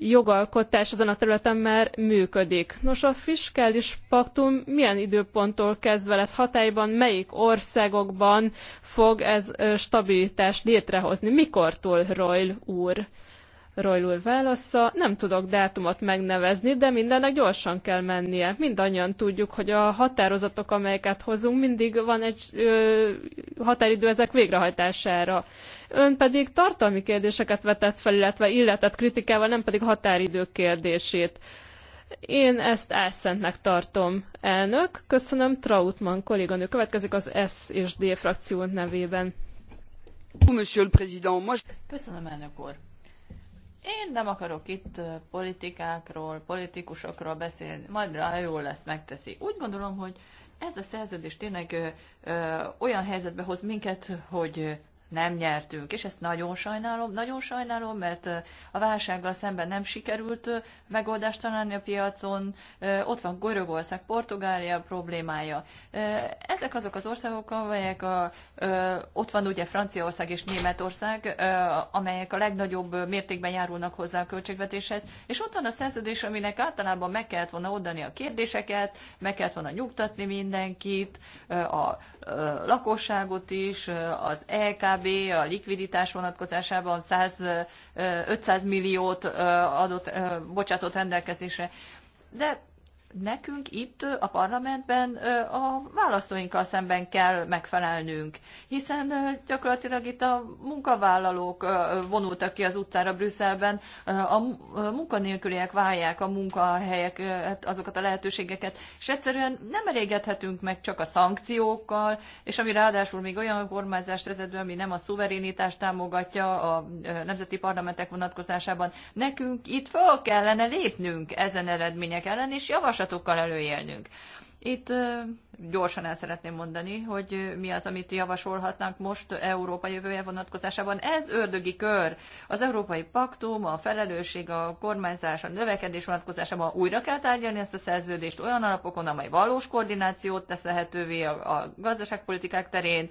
jogalkotás ezen a területen már működik. Nos, a fiskális paktum milyen időponttól kezdve lesz hatályban, melyik országokban fog ez stabilitást létrehozni? Mikortól, Royl úr? Rojlul válasza, nem tudok dátumot megnevezni, de mindennek gyorsan kell mennie. Mindannyian tudjuk, hogy a határozatok, amelyeket hozunk, mindig van egy ö, határidő ezek végrehajtására. Ön pedig tartalmi kérdéseket vetett fel, illetve illetett kritikával, nem pedig határidő kérdését. Én ezt álszentnek tartom, elnök. Köszönöm, Trautmann kolléganő. Következik az S és D frakció nevében. Köszönöm, elnök úr. Én nem akarok itt politikákról, politikusokról beszélni, majd rá jól lesz, megteszi. Úgy gondolom, hogy ez a szerződés tényleg ö, ö, olyan helyzetbe hoz minket, hogy nem nyertünk, és ezt nagyon sajnálom, nagyon sajnálom, mert a válsággal szemben nem sikerült megoldást találni a piacon, ott van Görögország, Portugália problémája. Ezek azok az országok, amelyek a, ott van ugye Franciaország és Németország, amelyek a legnagyobb mértékben járulnak hozzá a költségvetéshez, és ott van a szerződés, aminek általában meg kellett volna oldani a kérdéseket, meg kellett volna nyugtatni mindenkit, a lakosságot is, az EK KKB a likviditás vonatkozásában 100, 500 milliót adott, bocsátott rendelkezésre. De nekünk itt a parlamentben a választóinkkal szemben kell megfelelnünk, hiszen gyakorlatilag itt a munkavállalók vonultak ki az utcára Brüsszelben, a munkanélküliek válják a munkahelyeket, hát azokat a lehetőségeket, és egyszerűen nem elégedhetünk meg csak a szankciókkal, és ami ráadásul még olyan kormányzást vezető, ami nem a szuverenitást támogatja a nemzeti parlamentek vonatkozásában, nekünk itt föl kellene lépnünk ezen eredmények ellen, és javaslat kapcsolatokkal előélnünk. Itt gyorsan el szeretném mondani, hogy mi az, amit javasolhatnánk most Európa jövője vonatkozásában. Ez ördögi kör. Az Európai Paktum, a felelősség, a kormányzás, a növekedés vonatkozásában újra kell tárgyalni ezt a szerződést olyan alapokon, amely valós koordinációt tesz lehetővé a, gazdaságpolitikák terén,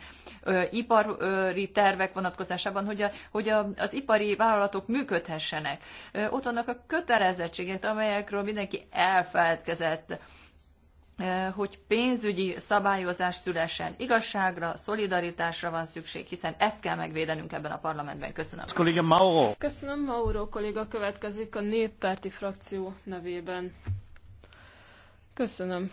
ipari tervek vonatkozásában, hogy, a, hogy a, az ipari vállalatok működhessenek. ott vannak a kötelezettségek, amelyekről mindenki elfeledkezett hogy pénzügyi szabályozás szülessen. Igazságra, szolidaritásra van szükség, hiszen ezt kell megvédenünk ebben a parlamentben. Köszönöm. Kolléga Mauro. Köszönöm, Mauro kolléga következik a néppárti frakció nevében. Köszönöm,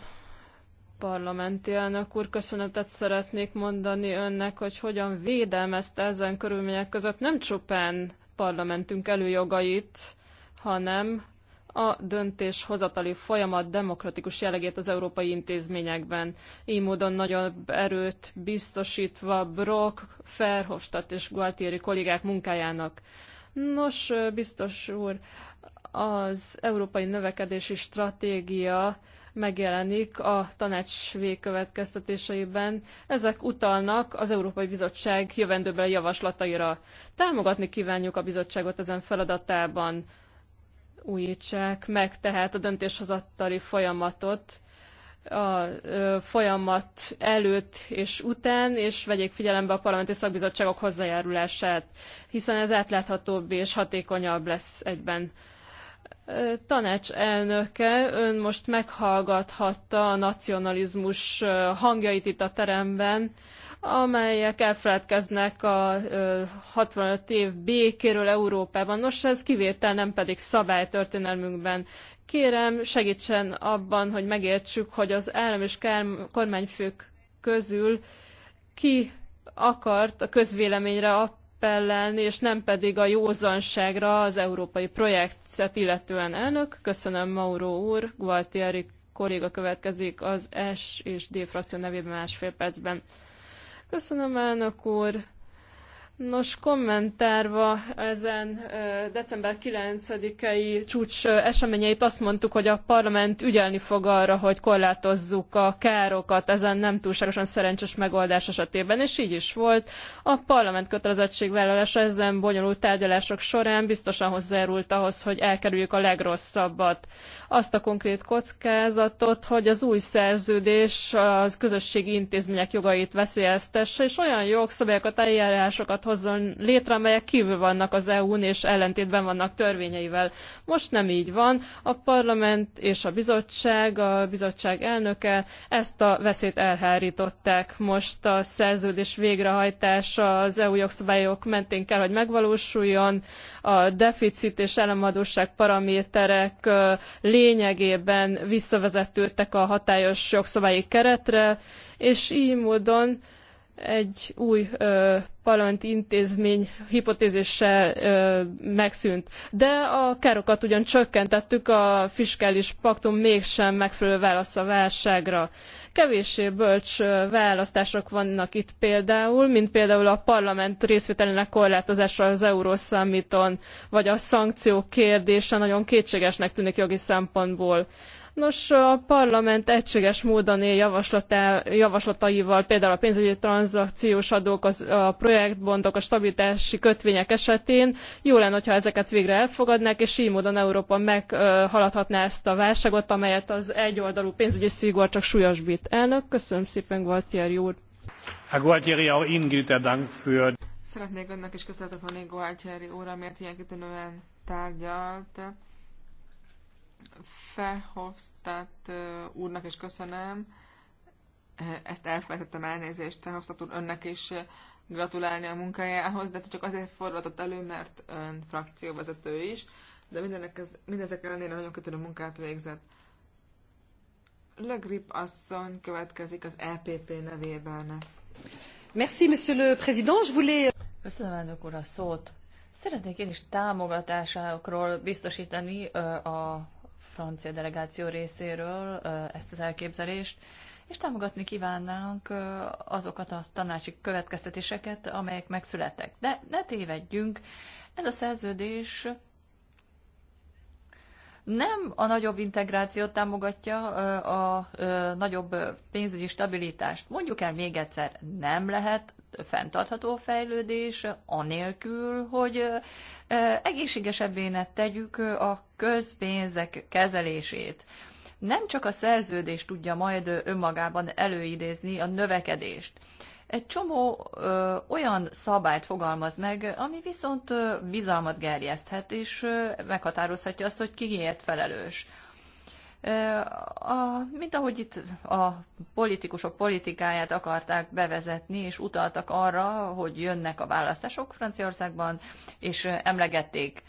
parlamenti elnök úr. Köszönetet szeretnék mondani önnek, hogy hogyan védelmezte ezen körülmények között nem csupán parlamentünk előjogait, hanem a döntéshozatali folyamat demokratikus jellegét az európai intézményekben. Így módon nagyon erőt biztosítva Brock, Verhofstadt és Gualtieri kollégák munkájának. Nos, biztos úr, az Európai Növekedési Stratégia megjelenik a tanács végkövetkeztetéseiben. Ezek utalnak az Európai Bizottság jövendőbeli javaslataira. Támogatni kívánjuk a bizottságot ezen feladatában újítsák meg tehát a döntéshozattali folyamatot a folyamat előtt és után, és vegyék figyelembe a parlamenti szakbizottságok hozzájárulását, hiszen ez átláthatóbb és hatékonyabb lesz egyben. Tanács elnöke, ön most meghallgathatta a nacionalizmus hangjait itt a teremben, amelyek elfeledkeznek a 65 év békéről Európában. Nos, ez kivétel, nem pedig szabály történelmünkben. Kérem, segítsen abban, hogy megértsük, hogy az állam és kormányfők közül ki akart a közvéleményre appellelni, és nem pedig a józanságra az európai projektet illetően elnök. Köszönöm, Mauro úr, Gualtieri kolléga következik az S és D frakció nevében másfél percben. Köszönöm, elnök úr! Nos, kommentárva ezen december 9-i csúcs eseményeit azt mondtuk, hogy a parlament ügyelni fog arra, hogy korlátozzuk a károkat ezen nem túlságosan szerencsés megoldás esetében, és így is volt. A parlament kötelezettségvállalása ezen bonyolult tárgyalások során biztosan hozzájárult ahhoz, hogy elkerüljük a legrosszabbat. Azt a konkrét kockázatot, hogy az új szerződés az közösségi intézmények jogait veszélyeztesse, és olyan jogszabályokat, eljárásokat hozzon létre, amelyek kívül vannak az EU-n és ellentétben vannak törvényeivel. Most nem így van. A parlament és a bizottság, a bizottság elnöke ezt a veszélyt elhárították. Most a szerződés végrehajtása az EU jogszabályok mentén kell, hogy megvalósuljon. A deficit és államadóság paraméterek lényegében visszavezetődtek a hatályos jogszabályi keretre, és így módon egy új ö, palant intézmény hipotézise ö, megszűnt. De a károkat ugyan csökkentettük, a fiskális paktum mégsem megfelelő válasz a válságra. Kevéssé bölcs választások vannak itt például, mint például a parlament részvételének korlátozása az Eurosummiton, vagy a szankciók kérdése nagyon kétségesnek tűnik jogi szempontból. Nos, a parlament egységes módon él javaslataival, például a pénzügyi tranzakciós adók, az, a projektbondok, a stabilitási kötvények esetén. Jó lenne, hogyha ezeket végre elfogadnák, és így módon Európa meghaladhatná ezt a válságot, amelyet az egyoldalú pénzügyi szigor csak súlyosbít. Elnök, köszönöm szépen, Gualtieri úr. Herr Gualtieri, auch Dank für... Szeretnék önnek is köszönetet mondani Gualtieri úr, amiért ilyen kitűnően tárgyalt Felhoztat úrnak is köszönöm. Ezt elfelejtettem elnézést, Felhoztat úr önnek is gratulálni a munkájához, de csak azért fordulhatott elő, mert ön frakcióvezető is, de mindenek ez, mindezek ellenére nagyon kötődő munkát végzett. Le Grip asszony következik az EPP nevében. Merci, monsieur le président. Je voulais... Köszönöm, elnök úr, a szót. Szeretnék én is támogatásokról biztosítani a francia delegáció részéről ezt az elképzelést, és támogatni kívánnánk azokat a tanácsi következtetéseket, amelyek megszülettek. De ne tévedjünk, ez a szerződés nem a nagyobb integrációt támogatja, a nagyobb pénzügyi stabilitást. Mondjuk el még egyszer, nem lehet fenntartható fejlődés anélkül, hogy egészségesebbé tegyük a közpénzek kezelését. Nem csak a szerződés tudja majd önmagában előidézni a növekedést egy csomó ö, olyan szabályt fogalmaz meg, ami viszont ö, bizalmat gerjeszthet, és ö, meghatározhatja azt, hogy kiért felelős. A, mint ahogy itt a politikusok politikáját akarták bevezetni, és utaltak arra, hogy jönnek a választások Franciaországban, és emlegették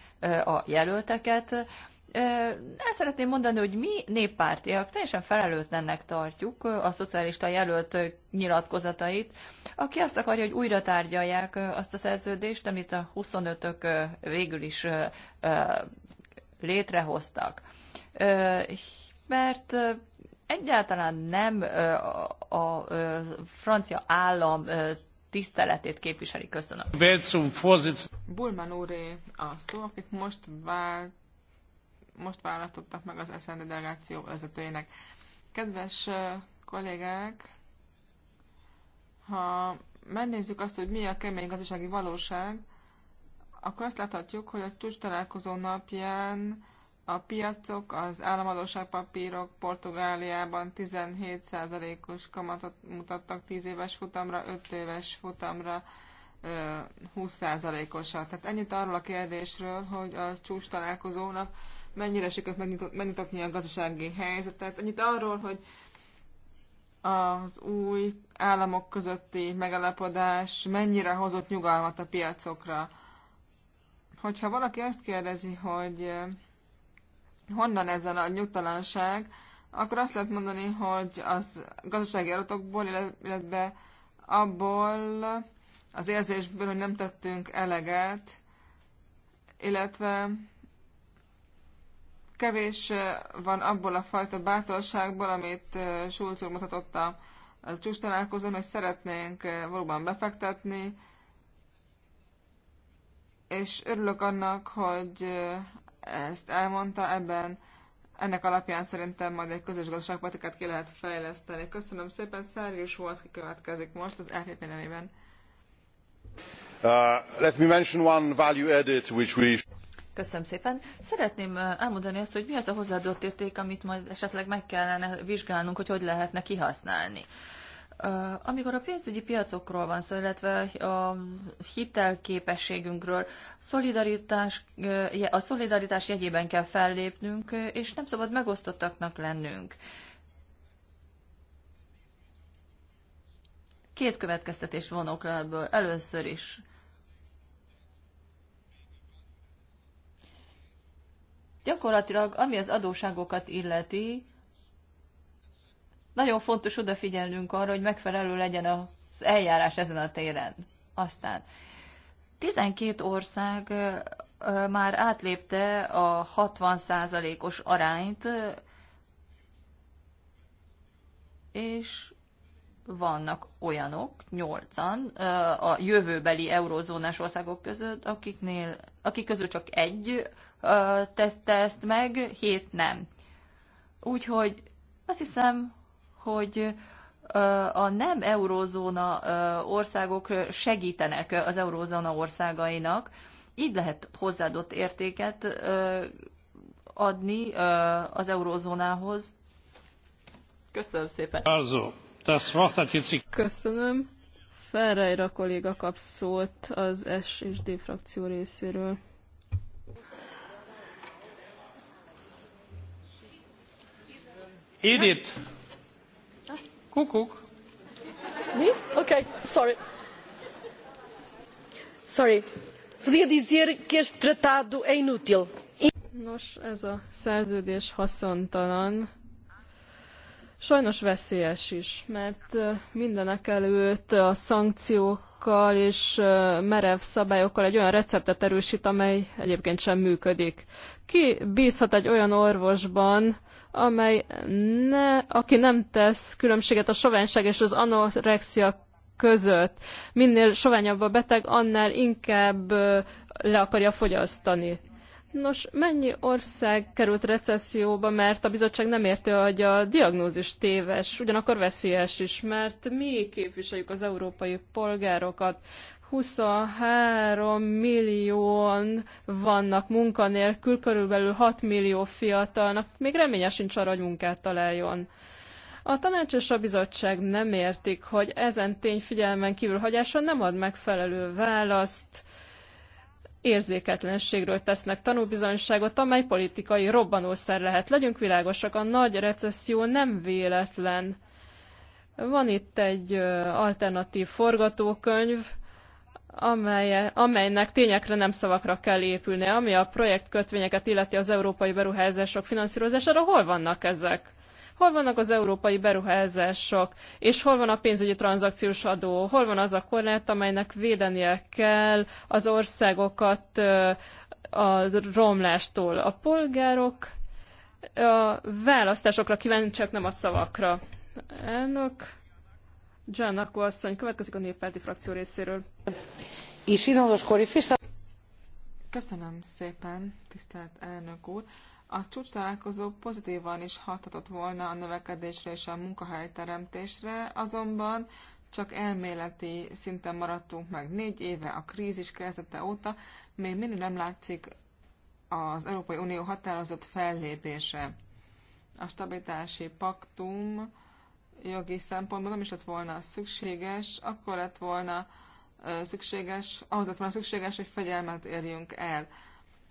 a jelölteket el szeretném mondani, hogy mi néppártiak teljesen felelőtlennek tartjuk a szocialista jelölt nyilatkozatait, aki azt akarja, hogy újra tárgyalják azt a szerződést, amit a 25-ök végül is létrehoztak. Mert egyáltalán nem a francia állam tiszteletét képviseli. Köszönöm. Bulman úré a szó, akit most vált most választottak meg az SZND delegáció vezetőjének. Kedves kollégák, ha megnézzük azt, hogy mi a kemény gazdasági valóság, akkor azt láthatjuk, hogy a csúcs találkozó napján a piacok, az államadóságpapírok Portugáliában 17%-os kamatot mutattak 10 éves futamra, 5 éves futamra 20%-osat. Tehát ennyit arról a kérdésről, hogy a csúcs találkozónak mennyire sikerült megnyitni a gazdasági helyzetet. Annyit arról, hogy az új államok közötti megállapodás mennyire hozott nyugalmat a piacokra. Hogyha valaki azt kérdezi, hogy eh, honnan ez a nyugtalanság, akkor azt lehet mondani, hogy az gazdasági adatokból, illetve abból az érzésből, hogy nem tettünk eleget, illetve Kevés van abból a fajta bátorságból, amit Schulz úr mutatott a csúcs találkozón, hogy szeretnénk valóban befektetni, és örülök annak, hogy ezt elmondta ebben, ennek alapján szerintem majd egy közös gazdaságpolitikát ki lehet fejleszteni. Köszönöm szépen, volt, Volszki következik most az RPP nevében. Uh, let me mention one value added which we Köszönöm szépen. Szeretném elmondani azt, hogy mi az a hozzáadott érték, amit majd esetleg meg kellene vizsgálnunk, hogy hogy lehetne kihasználni. Amikor a pénzügyi piacokról van szó, illetve a hitelképességünkről, szolidaritás, a szolidaritás jegyében kell fellépnünk, és nem szabad megosztottaknak lennünk. Két következtetés vonok le ebből. Először is Gyakorlatilag, ami az adóságokat illeti, nagyon fontos odafigyelnünk arra, hogy megfelelő legyen az eljárás ezen a téren. Aztán 12 ország már átlépte a 60%-os arányt, és vannak olyanok, nyolcan, a jövőbeli eurozónás országok között, akiknél, akik közül csak egy tette ezt meg, hét nem. Úgyhogy azt hiszem, hogy a nem eurózóna országok segítenek az eurózóna országainak, így lehet hozzáadott értéket adni az eurózónához. Köszönöm szépen. Also, das Wort hat jetzt... Köszönöm. Ferreira kolléga kap szót az S és D frakció részéről. Edith. Kuckuck. Me? Okay, sorry. Sorry. Podia dizer que este tratado é inútil. Nos, ez a szerződés haszontalan Sajnos veszélyes is, mert mindenek előtt a szankciókkal és merev szabályokkal egy olyan receptet erősít, amely egyébként sem működik. Ki bízhat egy olyan orvosban, amely ne, aki nem tesz különbséget a soványság és az anorexia között. Minél soványabb a beteg, annál inkább le akarja fogyasztani. Nos, mennyi ország került recesszióba, mert a bizottság nem érti, hogy a diagnózis téves, ugyanakkor veszélyes is, mert mi képviseljük az európai polgárokat. 23 millióan vannak munkanélkül, körülbelül 6 millió fiatalnak, még reménye sincs arra, hogy munkát találjon. A tanács és a bizottság nem értik, hogy ezen tény figyelmen kívül hagyása nem ad megfelelő választ, érzéketlenségről tesznek tanúbizonyságot, amely politikai robbanószer lehet. Legyünk világosak, a nagy recesszió nem véletlen. Van itt egy alternatív forgatókönyv, amely, amelynek tényekre nem szavakra kell épülnie, ami a projektkötvényeket illeti az európai beruházások finanszírozására. Hol vannak ezek? Hol vannak az európai beruházások, és hol van a pénzügyi tranzakciós adó, hol van az a korlát, amelynek védenie kell az országokat a romlástól. A polgárok a választásokra kíváncsiak, nem a szavakra. Elnök Giannaku asszony, következik a néppárti frakció részéről. Köszönöm szépen, tisztelt elnök úr. A csúcs találkozó pozitívan is hathatott volna a növekedésre és a munkahelyteremtésre, azonban csak elméleti szinten maradtunk meg négy éve a krízis kezdete óta, még mindig nem látszik az Európai Unió határozott fellépése. A stabilitási paktum jogi szempontból nem is lett volna szükséges, akkor lett volna szükséges, ahhoz lett volna szükséges, hogy fegyelmet érjünk el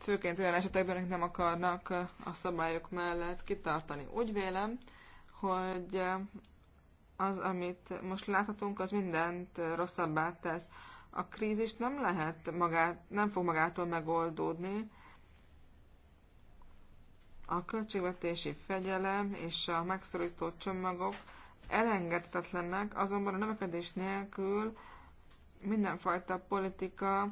főként olyan esetekben, akik nem akarnak a szabályok mellett kitartani. Úgy vélem, hogy az, amit most láthatunk, az mindent rosszabbá tesz. A krízis nem lehet magát, nem fog magától megoldódni. A költségvetési fegyelem és a megszorító csomagok elengedhetetlenek, azonban a növekedés nélkül mindenfajta politika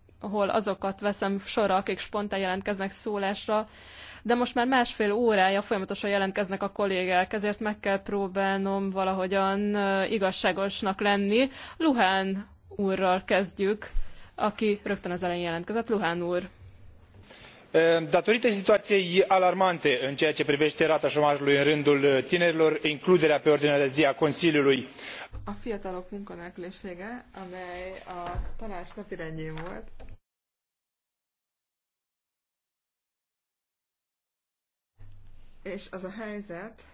ahol azokat veszem sorra, akik spontán jelentkeznek szólásra, de most már másfél órája folyamatosan jelentkeznek a kollégák, ezért meg kell próbálnom valahogyan igazságosnak lenni. Luhán úrral kezdjük, aki rögtön az elején jelentkezett. Luhán úr. Datorită situației alarmante în ceea ce privește rata șomajului în rândul tinerilor, includerea pe ordinea de zi a Consiliului. A fiatalok munkanélkülisége, amely a tanács napirendjén volt, És az a helyzet,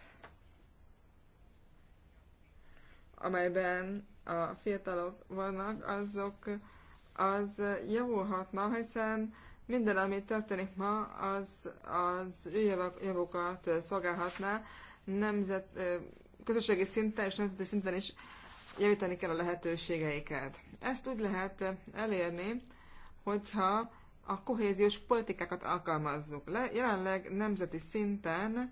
amelyben a fiatalok vannak, azok az javulhatna, hiszen minden, ami történik ma, az, az ő javukat szolgálhatná, nemzet, közösségi szinten és nemzeti szinten is javítani kell a lehetőségeiket. Ezt úgy lehet elérni, hogyha a kohéziós politikákat alkalmazzuk le. Jelenleg nemzeti szinten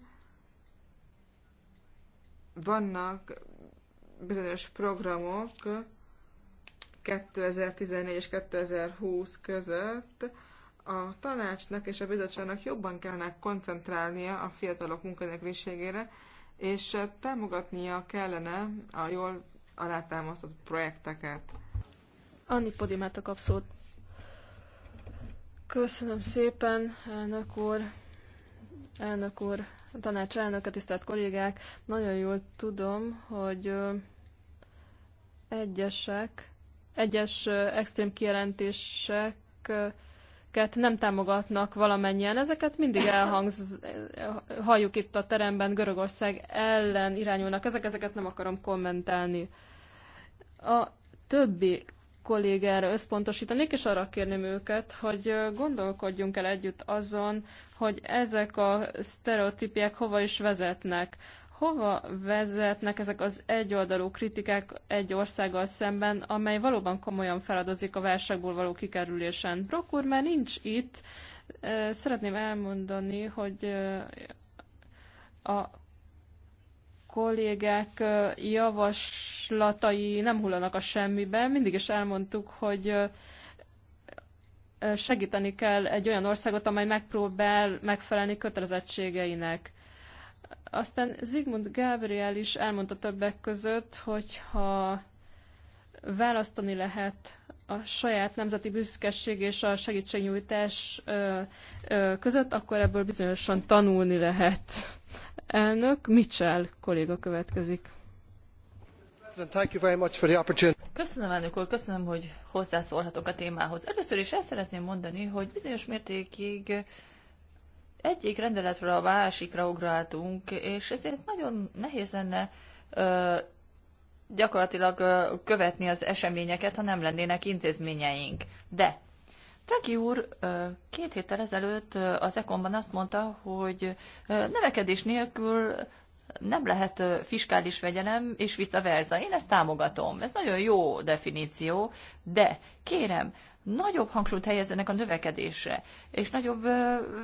vannak bizonyos programok 2014 és 2020 között, a tanácsnak és a bizottságnak jobban kellene koncentrálnia a fiatalok munkanélküliségére, és támogatnia kellene a jól alátámasztott projekteket. Anni Podimát a kapszót. Köszönöm szépen, elnök úr, elnök úr, tanács elnöke, tisztelt kollégák. Nagyon jól tudom, hogy egyesek, egyes extrém kijelentéseket nem támogatnak valamennyien. Ezeket mindig elhangz, halljuk itt a teremben, Görögország ellen irányulnak ezek, ezeket nem akarom kommentálni. A többi kollégára összpontosítanék, és arra kérném őket, hogy gondolkodjunk el együtt azon, hogy ezek a sztereotípiek hova is vezetnek. Hova vezetnek ezek az egyoldalú kritikák egy országgal szemben, amely valóban komolyan feladozik a válságból való kikerülésen? Prokur, már nincs itt. Szeretném elmondani, hogy a kollégák javaslatai nem hullanak a semmibe. Mindig is elmondtuk, hogy segíteni kell egy olyan országot, amely megpróbál megfelelni kötelezettségeinek. Aztán Zigmund Gabriel is elmondta többek között, hogy ha választani lehet a saját nemzeti büszkeség és a segítségnyújtás között, akkor ebből bizonyosan tanulni lehet. Elnök Mitchell kolléga következik. Köszönöm, elnök úr, köszönöm, hogy hozzászólhatok a témához. Először is el szeretném mondani, hogy bizonyos mértékig egyik rendeletről a másikra ugráltunk, és ezért nagyon nehéz lenne ö, gyakorlatilag ö, követni az eseményeket, ha nem lennének intézményeink. De Draghi úr két héttel ezelőtt az Ekonban azt mondta, hogy nevekedés nélkül nem lehet fiskális vegyelem, és vice versa. Én ezt támogatom. Ez nagyon jó definíció, de kérem, nagyobb hangsúlyt helyezzenek a növekedésre, és nagyobb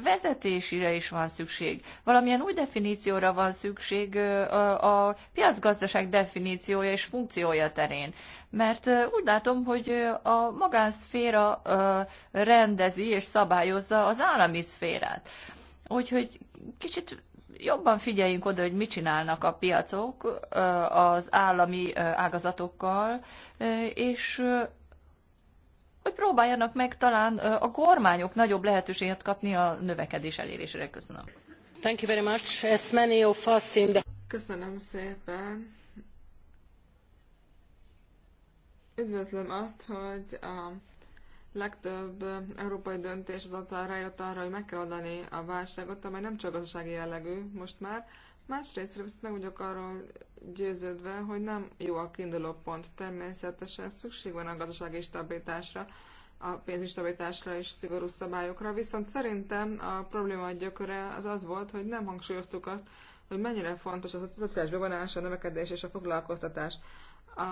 vezetésére is van szükség. Valamilyen új definícióra van szükség a piacgazdaság definíciója és funkciója terén. Mert úgy látom, hogy a magánszféra rendezi és szabályozza az állami szférát. Úgyhogy kicsit jobban figyeljünk oda, hogy mit csinálnak a piacok az állami ágazatokkal, és hogy próbáljanak meg talán a kormányok nagyobb lehetőséget kapni a növekedés elérésére. Köszönöm. Thank you very much. As many of us in the... Köszönöm szépen. Üdvözlöm azt, hogy a legtöbb európai döntés azáltal rájött arra, hogy meg kell adani a válságot, amely nem csak gazdasági jellegű most már, másrészt viszont meg vagyok arról győződve, hogy nem jó a kiinduló pont. Természetesen szükség van a gazdasági stabilitásra, a pénzügyi stabilitásra és szigorú szabályokra, viszont szerintem a probléma gyököre az az volt, hogy nem hangsúlyoztuk azt, hogy mennyire fontos a szociális bevonás, a növekedés és a foglalkoztatás. A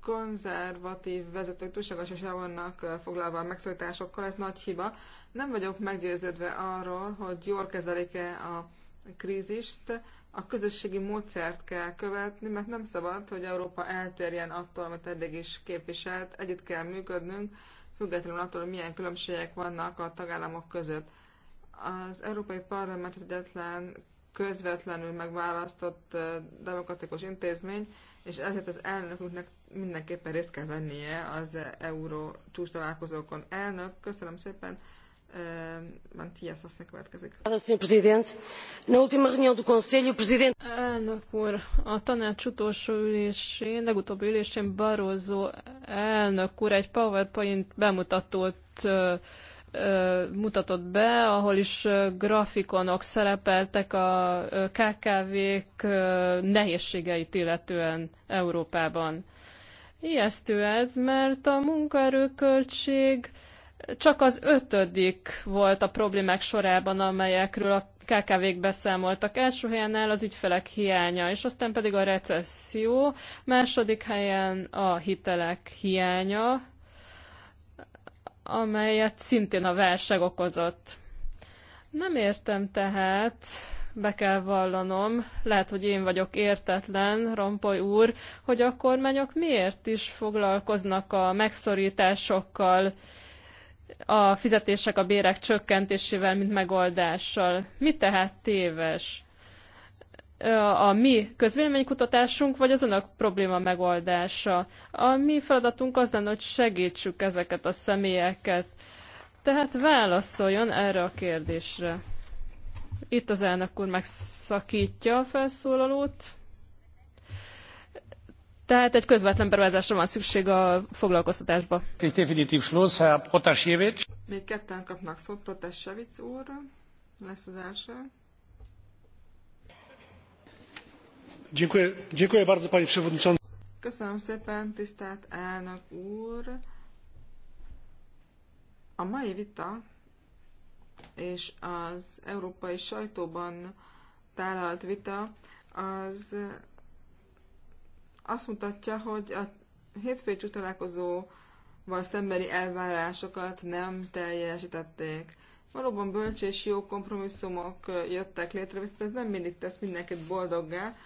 konzervatív vezetők túlságosan se vannak foglalva a megszólításokkal, ez nagy hiba. Nem vagyok meggyőződve arról, hogy jól kezelik-e a krízist, a közösségi módszert kell követni, mert nem szabad, hogy Európa eltérjen attól, amit eddig is képviselt. Együtt kell működnünk, függetlenül attól, hogy milyen különbségek vannak a tagállamok között. Az Európai Parlament az egyetlen közvetlenül megválasztott demokratikus intézmény, és ezért az elnökünknek mindenképpen részt kell vennie az e-, euró csúcs találkozókon. Elnök, köszönöm szépen! Mantias aztán következik. Elnök úr, a tanács utolsó ülésén, legutóbbi ülésén Barroso elnök úr egy PowerPoint bemutatót mutatott be, ahol is grafikonok szerepeltek a KKV-k nehézségeit illetően Európában. Ijesztő ez, mert a munkaerőköltség költség csak az ötödik volt a problémák sorában, amelyekről a KKV-k beszámoltak. Első helyen áll az ügyfelek hiánya, és aztán pedig a recesszió, második helyen a hitelek hiánya, amelyet szintén a válság okozott. Nem értem tehát, be kell vallanom, lehet, hogy én vagyok értetlen, Rompoly úr, hogy a kormányok miért is foglalkoznak a megszorításokkal, a fizetések, a bérek csökkentésével, mint megoldással. Mi tehát téves? a mi közvéleménykutatásunk, vagy az önök probléma megoldása. A mi feladatunk az lenne, hogy segítsük ezeket a személyeket. Tehát válaszoljon erre a kérdésre. Itt az elnök úr megszakítja a felszólalót. Tehát egy közvetlen beruházásra van szükség a foglalkoztatásba. És definitív Schluss, Még ketten kapnak szót, Protasjevic úr lesz az első. Dziękuję, dziękuję bardzo, panie przewodniczący. Köszönöm szépen, tisztelt elnök úr. A mai vita és az európai sajtóban tálalt vita az azt mutatja, hogy a hétfői találkozóval szembeni elvárásokat nem teljesítették. Valóban bölcs és jó kompromisszumok jöttek létre, viszont ez nem mindig tesz mindenkit boldoggá.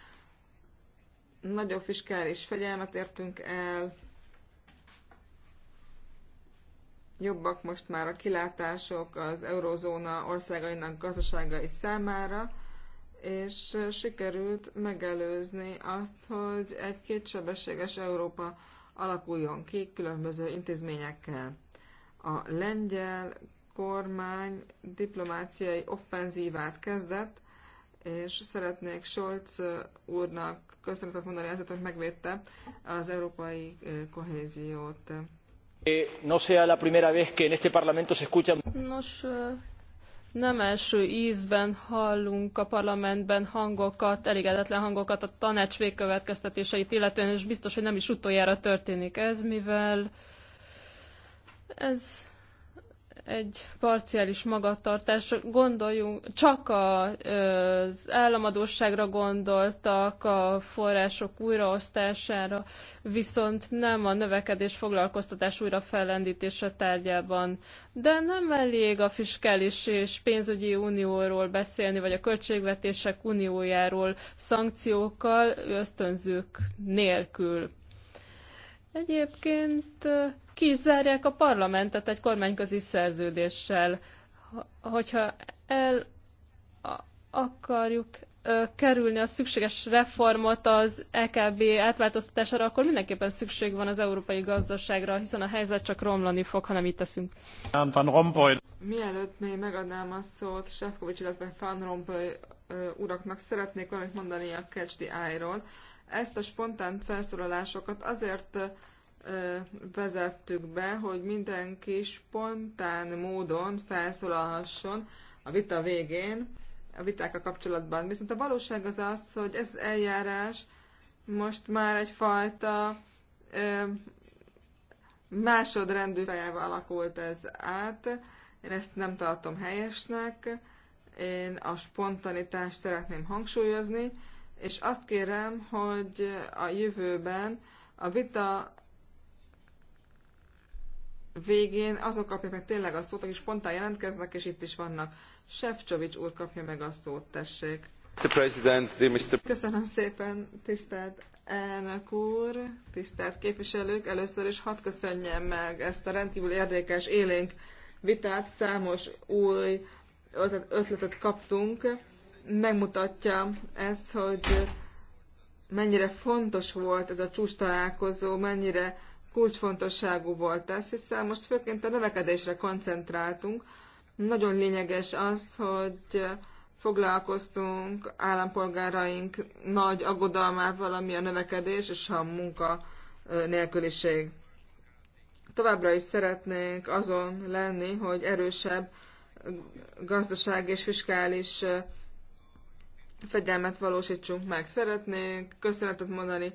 Nagyobb fiskális fegyelmet értünk el, jobbak most már a kilátások az eurozóna országainak gazdaságai számára, és sikerült megelőzni azt, hogy egy két sebességes Európa alakuljon ki különböző intézményekkel. A lengyel kormány diplomáciai offenzívát kezdett, és szeretnék Scholz úrnak köszönetet mondani azért, hogy megvédte az európai kohéziót. Eh, no sea la primera vez que en este Parlamento se escuchan... Nos, nem első ízben hallunk a parlamentben hangokat, elégedetlen hangokat a tanács végkövetkeztetéseit illetően, és biztos, hogy nem is utoljára történik ez, mivel ez egy parciális magatartás. Gondoljunk, csak az államadóságra gondoltak, a források újraosztására, viszont nem a növekedés foglalkoztatás újra fellendítése tárgyában. De nem elég a fiskális és pénzügyi unióról beszélni, vagy a költségvetések uniójáról szankciókkal, ösztönzők nélkül. Egyébként ki is zárják a parlamentet egy kormányközi szerződéssel. Hogyha el akarjuk kerülni a szükséges reformot az EKB átváltoztatására, akkor mindenképpen szükség van az európai gazdaságra, hiszen a helyzet csak romlani fog, ha nem itt teszünk. Van Mielőtt még megadnám a szót Sefkovics, illetve Van Rompuy uraknak, szeretnék valamit mondani a Catch the Eye-ról. Ezt a spontán felszólalásokat azért vezettük be, hogy mindenki spontán módon felszólalhasson a vita végén, a vitákkal kapcsolatban. Viszont a valóság az az, hogy ez eljárás most már egyfajta ö, másodrendű tájával alakult ez át. Én ezt nem tartom helyesnek. Én a spontanitást szeretném hangsúlyozni, és azt kérem, hogy a jövőben a vita végén azok kapják meg tényleg a szót, akik spontán jelentkeznek, és itt is vannak. Sefcsovics úr kapja meg a szót, tessék. Mr. President, Mr. Köszönöm szépen, tisztelt elnök úr, tisztelt képviselők. Először is hadd köszönjem meg ezt a rendkívül érdekes élénk vitát, számos új ötletet kaptunk megmutatja ez, hogy mennyire fontos volt ez a csúcs találkozó, mennyire kulcsfontosságú volt ez, hiszen most főként a növekedésre koncentráltunk. Nagyon lényeges az, hogy foglalkoztunk állampolgáraink nagy aggodalmával, ami a növekedés és a munka nélküliség. Továbbra is szeretnénk azon lenni, hogy erősebb gazdaság és fiskális fegyelmet valósítsunk meg. Szeretnénk köszönetet mondani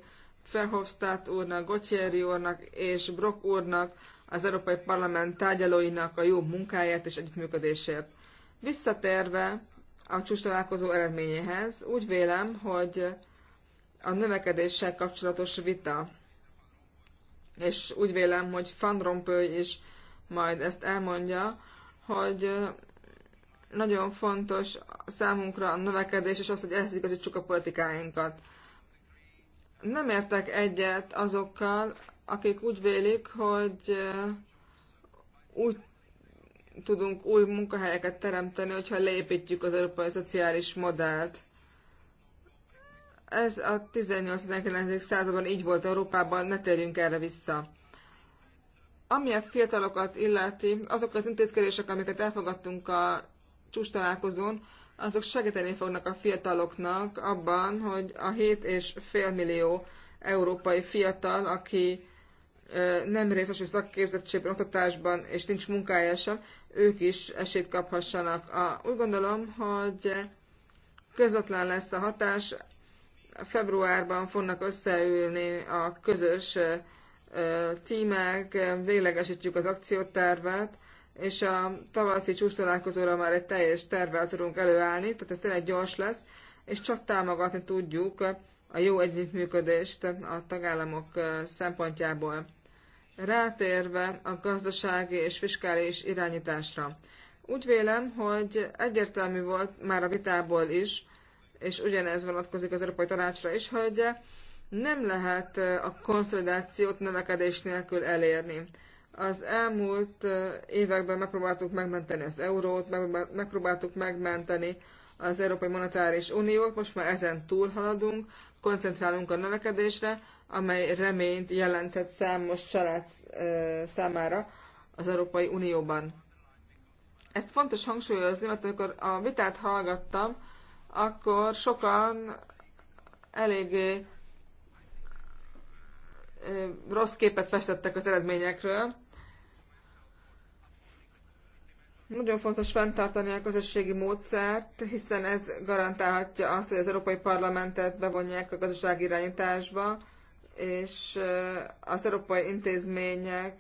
Verhofstadt úrnak, Gocsieri úrnak és Brock úrnak, az Európai Parlament tárgyalóinak a jó munkáját és együttműködésért. Visszatérve a csúcs találkozó eredményéhez, úgy vélem, hogy a növekedéssel kapcsolatos vita, és úgy vélem, hogy Van Rompuy is majd ezt elmondja, hogy nagyon fontos számunkra a növekedés, és az, hogy ehhez igazítsuk a politikáinkat. Nem értek egyet azokkal, akik úgy vélik, hogy eh, úgy tudunk új munkahelyeket teremteni, hogyha leépítjük az európai szociális modellt. Ez a 18-19. században így volt Európában, ne térjünk erre vissza. Ami a fiatalokat illeti, azok az intézkedések, amiket elfogadtunk a csúcs találkozón, azok segíteni fognak a fiataloknak abban, hogy a 7,5 millió európai fiatal, aki nem részesül szakképzettségben, oktatásban, és nincs munkája sem, ők is esélyt kaphassanak. A, úgy gondolom, hogy közvetlen lesz a hatás. Februárban fognak összeülni a közös tímek, véglegesítjük az akciótervet, és a tavaszi csúcs találkozóra már egy teljes tervvel tudunk előállni, tehát ez tényleg gyors lesz, és csak támogatni tudjuk a jó együttműködést a tagállamok szempontjából. Rátérve a gazdasági és fiskális irányításra. Úgy vélem, hogy egyértelmű volt már a vitából is, és ugyanez vonatkozik az Európai Tanácsra is, hogy nem lehet a konszolidációt növekedés nélkül elérni. Az elmúlt években megpróbáltuk megmenteni az eurót, megpróbáltuk megmenteni az Európai Monetáris Uniót, most már ezen túlhaladunk, koncentrálunk a növekedésre, amely reményt jelentett számos család számára az Európai Unióban. Ezt fontos hangsúlyozni, mert amikor a vitát hallgattam, akkor sokan eléggé rossz képet festettek az eredményekről, Nagyon fontos fenntartani a közösségi módszert, hiszen ez garantálhatja azt, hogy az Európai Parlamentet bevonják a gazdasági irányításba, és az európai intézmények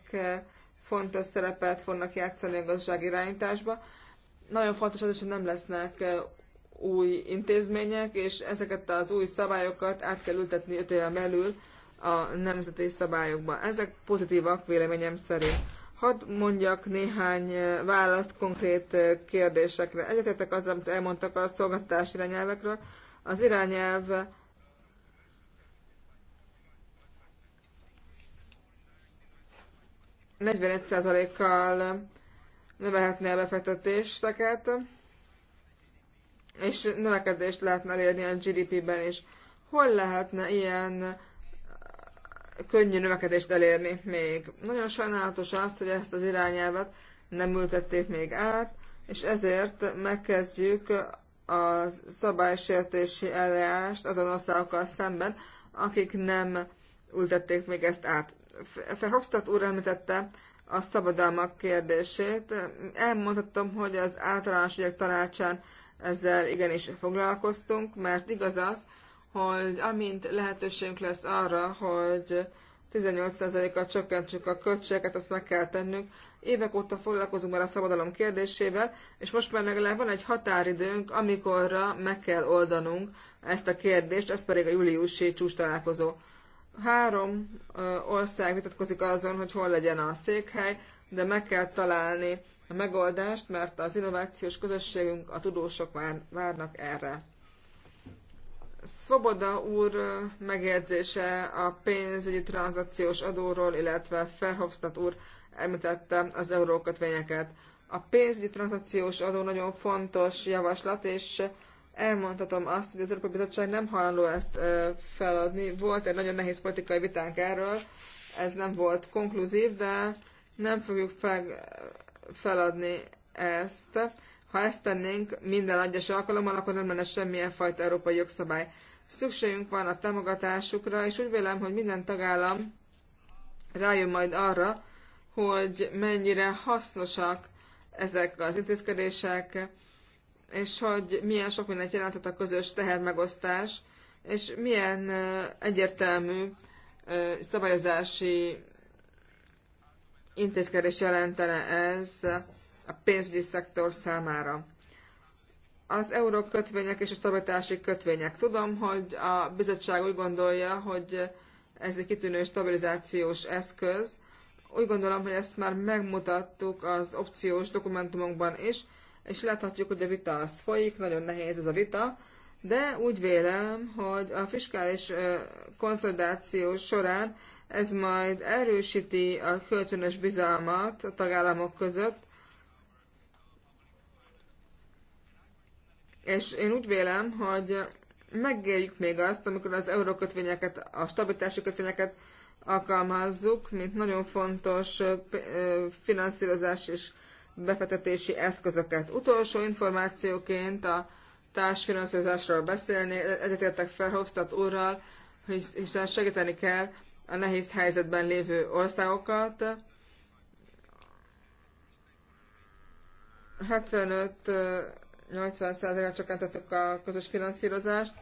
fontos szerepet fognak játszani a gazdasági irányításba. Nagyon fontos az is, hogy nem lesznek új intézmények, és ezeket az új szabályokat át kell ültetni öt éven belül a nemzeti szabályokba. Ezek pozitívak véleményem szerint. Hadd mondjak néhány választ konkrét kérdésekre. Egyetértek az, amit elmondtak a szolgáltatás irányelvekről. Az irányelv kal növelhetné a befektetéseket, és növekedést lehetne elérni a GDP-ben is. Hol lehetne ilyen könnyű növekedést elérni még. Nagyon sajnálatos az, hogy ezt az irányelvet nem ültették még át, és ezért megkezdjük a szabálysértési eljárást azon országokkal szemben, akik nem ültették még ezt át. Ferhofstadt úr említette a szabadalmak kérdését. Elmondhatom, hogy az általános ügyek tanácsán ezzel igenis foglalkoztunk, mert igaz az, hogy amint lehetőségünk lesz arra, hogy 18%-kal csökkentsük a költségeket, azt meg kell tennünk. Évek óta foglalkozunk már a szabadalom kérdésével, és most már legalább van egy határidőnk, amikorra meg kell oldanunk ezt a kérdést, ez pedig a júliusi csúcs találkozó. Három ö, ország vitatkozik azon, hogy hol legyen a székhely, de meg kell találni a megoldást, mert az innovációs közösségünk, a tudósok vár, várnak erre. Svoboda úr megjegyzése a pénzügyi tranzakciós adóról, illetve Ferhofstadt úr említette az eurókötvényeket. A pénzügyi tranzakciós adó nagyon fontos javaslat, és elmondhatom azt, hogy az Európai Bizottság nem hajlandó ezt feladni. Volt egy nagyon nehéz politikai vitánk erről, ez nem volt konkluzív, de nem fogjuk feladni ezt ha ezt tennénk minden egyes alkalommal, akkor nem lenne semmilyen fajta európai jogszabály. Szükségünk van a támogatásukra, és úgy vélem, hogy minden tagállam rájön majd arra, hogy mennyire hasznosak ezek az intézkedések, és hogy milyen sok mindent jelentett a közös tehermegosztás, és milyen egyértelmű szabályozási intézkedés jelentene ez a pénzügyi szektor számára. Az eurókötvények és a stabilitási kötvények. Tudom, hogy a bizottság úgy gondolja, hogy ez egy kitűnő stabilizációs eszköz. Úgy gondolom, hogy ezt már megmutattuk az opciós dokumentumokban is, és láthatjuk, hogy a vita az folyik, nagyon nehéz ez a vita, de úgy vélem, hogy a fiskális konszolidáció során ez majd erősíti a kölcsönös bizalmat a tagállamok között, És én úgy vélem, hogy megérjük még azt, amikor az eurókötvényeket, a stabilitási kötvényeket alkalmazzuk, mint nagyon fontos finanszírozás és befektetési eszközöket. Utolsó információként a társfinanszírozásról beszélni, egyetértek Ferhofstadt úrral, hiszen segíteni kell a nehéz helyzetben lévő országokat. 75 80%-ra csökkentettük a közös finanszírozást.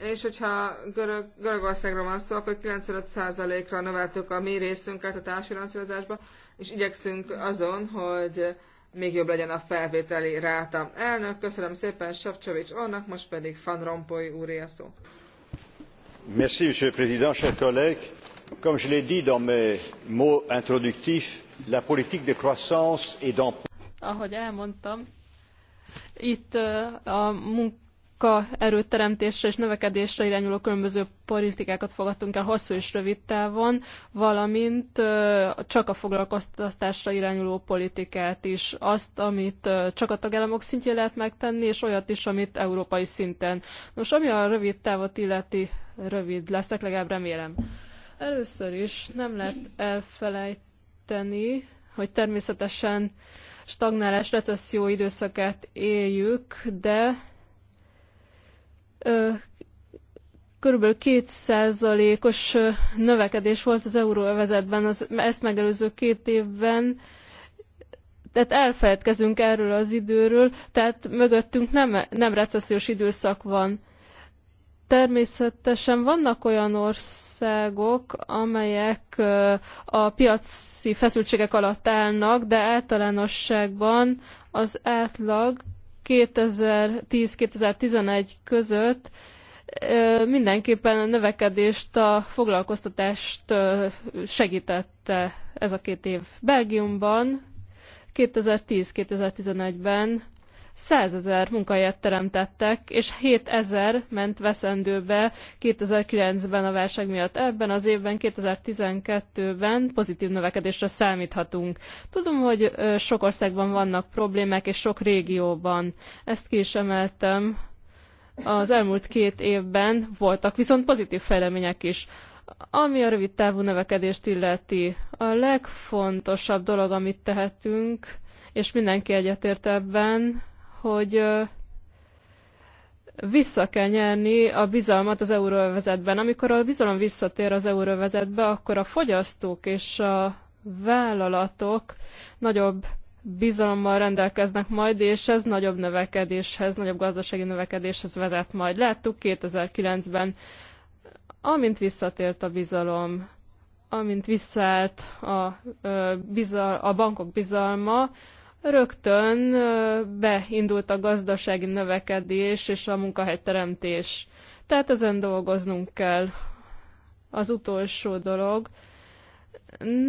És hogyha Görög, Görögországról van szó, akkor 95%-ra növeltük a mi részünket a társfinanszírozásba, és igyekszünk azon, hogy még jobb legyen a felvételi ráta. Elnök, köszönöm szépen Sapcsovics Annak, most pedig Fan Rompoy úré a szó. Merci, Monsieur le Président, chers collègues. Comme je l'ai dit dans mes mots introductifs, la politique de croissance et d'emploi. Ahogy elmondtam, itt a munkaerőteremtésre és növekedésre irányuló különböző politikákat fogadtunk el hosszú és rövid távon, valamint csak a foglalkoztatásra irányuló politikát is, azt, amit csak a tagállamok szintjén lehet megtenni, és olyat is, amit európai szinten. Nos, ami a rövid távot illeti, rövid leszek, legalább remélem. Először is nem lehet elfelejteni, tenni, hogy természetesen stagnálás, recesszió időszakát éljük, de ö, körülbelül 2%-os növekedés volt az euróövezetben az, ezt megelőző két évben, tehát elfeledkezünk erről az időről, tehát mögöttünk nem, nem recessziós időszak van. Természetesen vannak olyan országok, amelyek a piaci feszültségek alatt állnak, de általánosságban az átlag 2010-2011 között mindenképpen a növekedést, a foglalkoztatást segítette ez a két év. Belgiumban 2010-2011-ben százezer munkahelyet teremtettek, és 7 ezer ment veszendőbe 2009-ben a válság miatt. Ebben az évben, 2012-ben pozitív növekedésre számíthatunk. Tudom, hogy sok országban vannak problémák, és sok régióban. Ezt ki is emeltem. Az elmúlt két évben voltak viszont pozitív fejlemények is. Ami a rövid távú növekedést illeti, a legfontosabb dolog, amit tehetünk, és mindenki egyetért ebben, hogy vissza kell nyerni a bizalmat az euróvezetben. Amikor a bizalom visszatér az euróvezetbe, akkor a fogyasztók és a vállalatok nagyobb bizalommal rendelkeznek majd, és ez nagyobb növekedéshez, nagyobb gazdasági növekedéshez vezet majd. Láttuk 2009-ben, amint visszatért a bizalom, amint visszaállt a, a bankok bizalma, rögtön beindult a gazdasági növekedés és a munkahelyteremtés. Tehát ezen dolgoznunk kell. Az utolsó dolog.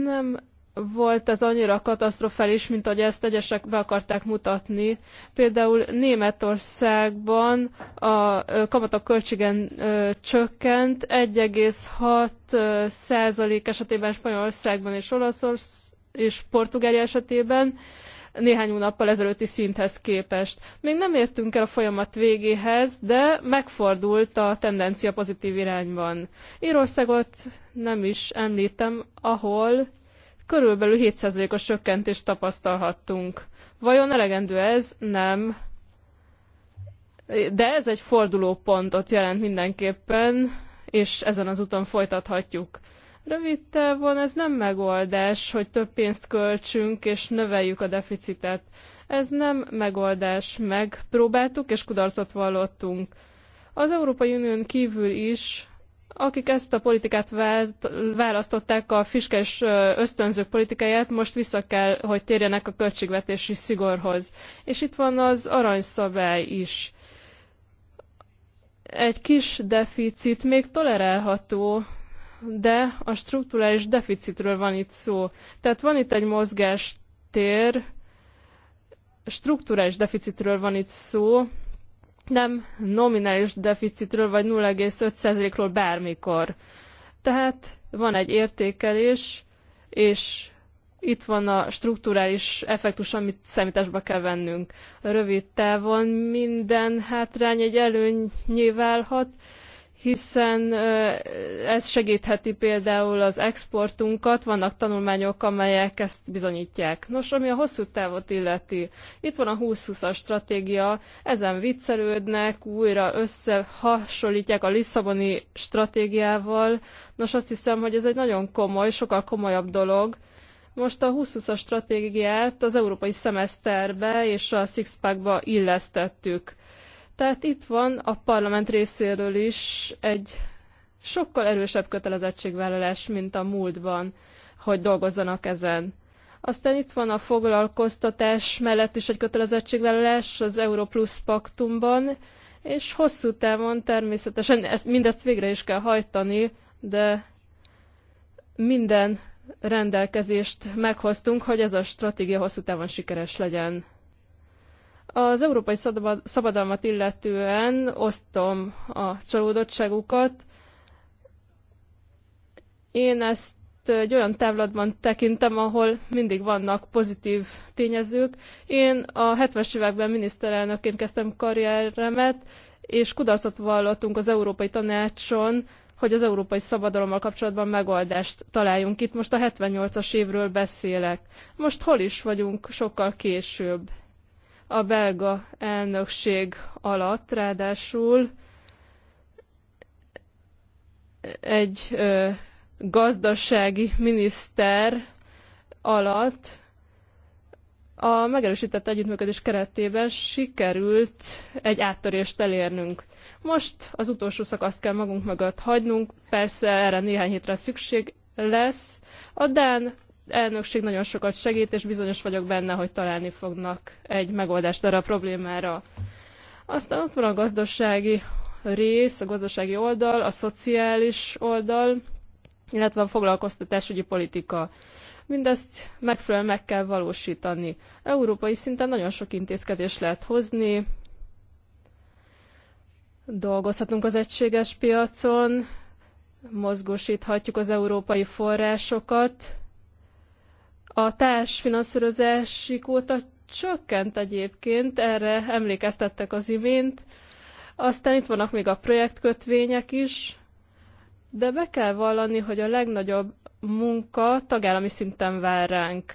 Nem volt ez annyira katasztrofális, mint ahogy ezt egyesek be akarták mutatni. Például Németországban a kamatok költségen csökkent, 1,6 százalék esetében Spanyolországban és Olaszország és Portugália esetében, néhány hónappal ezelőtti szinthez képest. Még nem értünk el a folyamat végéhez, de megfordult a tendencia pozitív irányban. Írországot nem is említem, ahol körülbelül 7%-os csökkentést tapasztalhattunk. Vajon elegendő ez? Nem. De ez egy fordulópontot jelent mindenképpen, és ezen az úton folytathatjuk. Rövid távon ez nem megoldás, hogy több pénzt költsünk és növeljük a deficitet. Ez nem megoldás. Megpróbáltuk és kudarcot vallottunk. Az Európai Unión kívül is akik ezt a politikát választották, a fiskes ösztönzők politikáját, most vissza kell, hogy térjenek a költségvetési szigorhoz. És itt van az aranyszabály is. Egy kis deficit még tolerálható, de a struktúrális deficitről van itt szó. Tehát van itt egy mozgástér, struktúrális deficitről van itt szó, nem nominális deficitről vagy 0,5%-ról bármikor. Tehát van egy értékelés, és itt van a struktúrális effektus, amit számításba kell vennünk. Rövid távon minden hátrány egy előnyé válhat, hiszen ez segítheti például az exportunkat, vannak tanulmányok, amelyek ezt bizonyítják. Nos, ami a hosszú távot illeti, itt van a 2020-as stratégia, ezen viccelődnek, újra összehasonlítják a Lisszaboni stratégiával. Nos, azt hiszem, hogy ez egy nagyon komoly, sokkal komolyabb dolog, most a 2020-as stratégiát az európai szemeszterbe és a Sixpackba illesztettük. Tehát itt van a parlament részéről is egy sokkal erősebb kötelezettségvállalás, mint a múltban, hogy dolgozzanak ezen. Aztán itt van a foglalkoztatás mellett is egy kötelezettségvállalás az Europlus paktumban, és hosszú távon természetesen ezt, mindezt végre is kell hajtani, de minden rendelkezést meghoztunk, hogy ez a stratégia hosszú távon sikeres legyen. Az európai szabadalmat illetően osztom a csalódottságukat. Én ezt egy olyan távlatban tekintem, ahol mindig vannak pozitív tényezők. Én a 70-es években miniszterelnökként kezdtem karrieremet, és kudarcot vallottunk az Európai Tanácson, hogy az európai szabadalommal kapcsolatban megoldást találjunk. Itt most a 78-as évről beszélek. Most hol is vagyunk sokkal később? a belga elnökség alatt, ráadásul egy ö, gazdasági miniszter alatt a megerősített együttműködés keretében sikerült egy áttörést elérnünk. Most az utolsó szakaszt kell magunk mögött hagynunk, persze erre néhány hétre szükség lesz. A Dán elnökség nagyon sokat segít, és bizonyos vagyok benne, hogy találni fognak egy megoldást erre a problémára. Aztán ott van a gazdasági rész, a gazdasági oldal, a szociális oldal, illetve a foglalkoztatásügyi politika. Mindezt megfelelően meg kell valósítani. Európai szinten nagyon sok intézkedést lehet hozni, dolgozhatunk az egységes piacon, mozgósíthatjuk az európai forrásokat, a társfinanszírozási kóta csökkent egyébként, erre emlékeztettek az imént. Aztán itt vannak még a projektkötvények is, de be kell vallani, hogy a legnagyobb munka tagállami szinten vár ránk.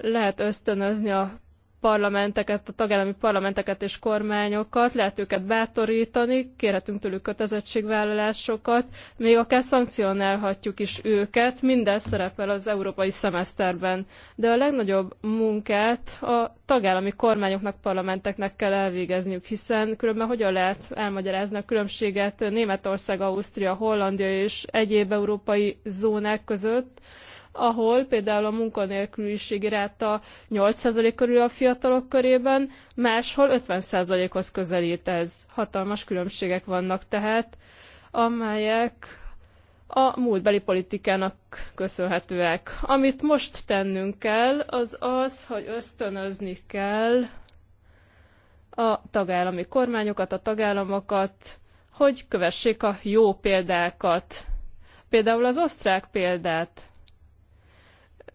Lehet ösztönözni a parlamenteket, a tagállami parlamenteket és kormányokat, lehet őket bátorítani, kérhetünk tőlük kötelezettségvállalásokat, még akár szankcionálhatjuk is őket, minden szerepel az európai szemeszterben. De a legnagyobb munkát a tagállami kormányoknak, parlamenteknek kell elvégezniük, hiszen különben hogyan lehet elmagyarázni a különbséget Németország, Ausztria, Hollandia és egyéb európai zónák között, ahol például a munkanélküliségi ráta 8% körül a fiatalok körében, máshol 50%-hoz közelít ez. Hatalmas különbségek vannak tehát, amelyek a múltbeli politikának köszönhetőek. Amit most tennünk kell, az az, hogy ösztönözni kell a tagállami kormányokat, a tagállamokat, hogy kövessék a jó példákat. Például az osztrák példát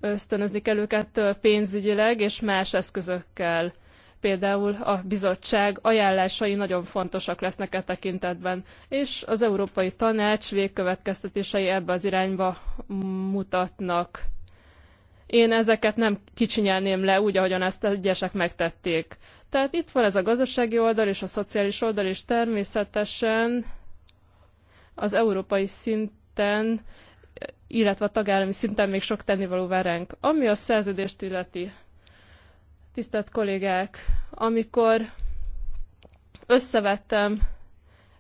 ösztönözni kell őket pénzügyileg és más eszközökkel. Például a bizottság ajánlásai nagyon fontosak lesznek e tekintetben, és az Európai Tanács végkövetkeztetései ebbe az irányba mutatnak. Én ezeket nem kicsinyelném le úgy, ahogyan ezt egyesek megtették. Tehát itt van ez a gazdasági oldal és a szociális oldal, és természetesen az európai szinten illetve a tagállami szinten még sok tennivaló vár ránk. Ami a szerződést illeti, tisztelt kollégák, amikor összevettem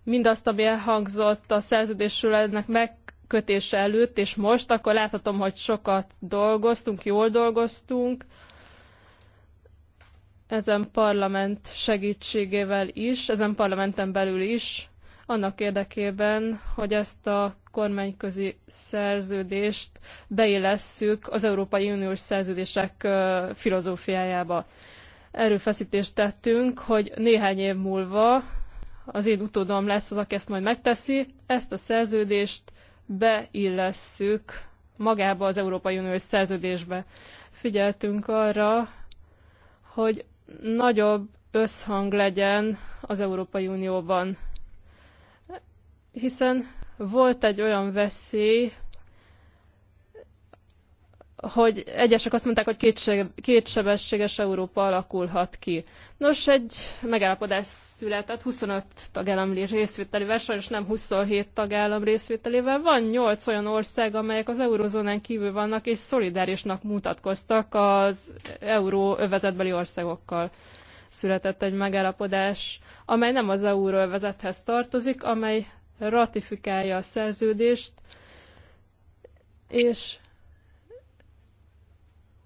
mindazt, ami elhangzott a szerződésről ennek megkötése előtt, és most, akkor láthatom, hogy sokat dolgoztunk, jól dolgoztunk, ezen parlament segítségével is, ezen parlamenten belül is, annak érdekében, hogy ezt a kormányközi szerződést beillesszük az Európai Uniós szerződések filozófiájába. Erőfeszítést tettünk, hogy néhány év múlva az én utódom lesz az, aki ezt majd megteszi, ezt a szerződést beillesszük magába az Európai Uniós szerződésbe. Figyeltünk arra, hogy nagyobb összhang legyen az Európai Unióban. Hiszen volt egy olyan veszély, hogy egyesek azt mondták, hogy kétsebességes Európa alakulhat ki. Nos, egy megállapodás született 25 tagállam részvételével, sajnos nem 27 tagállam részvételével. Van 8 olyan ország, amelyek az eurozónán kívül vannak, és szolidárisnak mutatkoztak az euróövezetbeli országokkal. Született egy megállapodás, amely nem az euróövezethez tartozik, amely ratifikálja a szerződést, és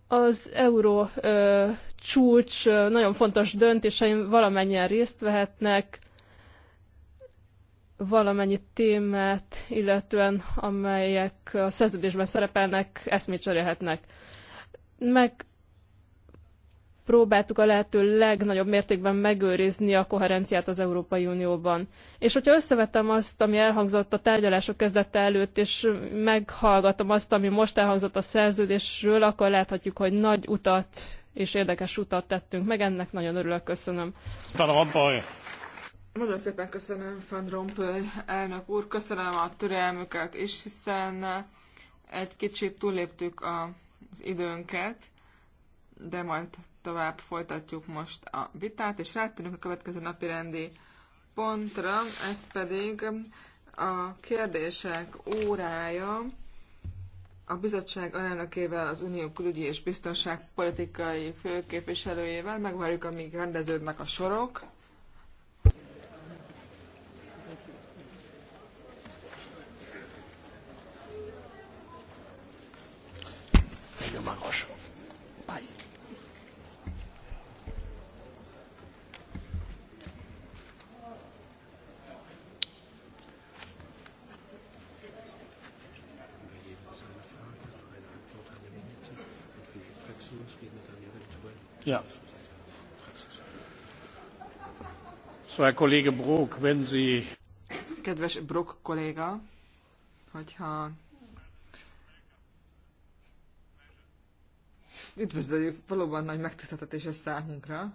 az euró ö, csúcs ö, nagyon fontos döntéseim valamennyien részt vehetnek, valamennyi témát, illetően amelyek a szerződésben szerepelnek, ezt még cserélhetnek. Meg próbáltuk a lehető legnagyobb mértékben megőrizni a koherenciát az Európai Unióban. És hogyha összevetem azt, ami elhangzott a tárgyalások kezdete előtt, és meghallgatom azt, ami most elhangzott a szerződésről, akkor láthatjuk, hogy nagy utat és érdekes utat tettünk meg. Ennek nagyon örülök, köszönöm. Nagyon szépen köszönöm, Van Rompuy elnök úr, köszönöm a türelmüket is, hiszen egy kicsit túléptük az időnket, de majd tovább folytatjuk most a vitát, és rátérünk a következő napi rendi pontra, ez pedig a kérdések órája a bizottság alelnökével, az Unió külügyi és biztonságpolitikai főképviselőjével. Megvárjuk, amíg rendeződnek a sorok. Nagyon magas. Ja. So, Herr Brok, wenn Sie... Kedves Brok kolléga, hogyha üdvözöljük, valóban nagy megtiszteltetés a számunkra.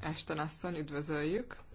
Esten asszony, üdvözöljük.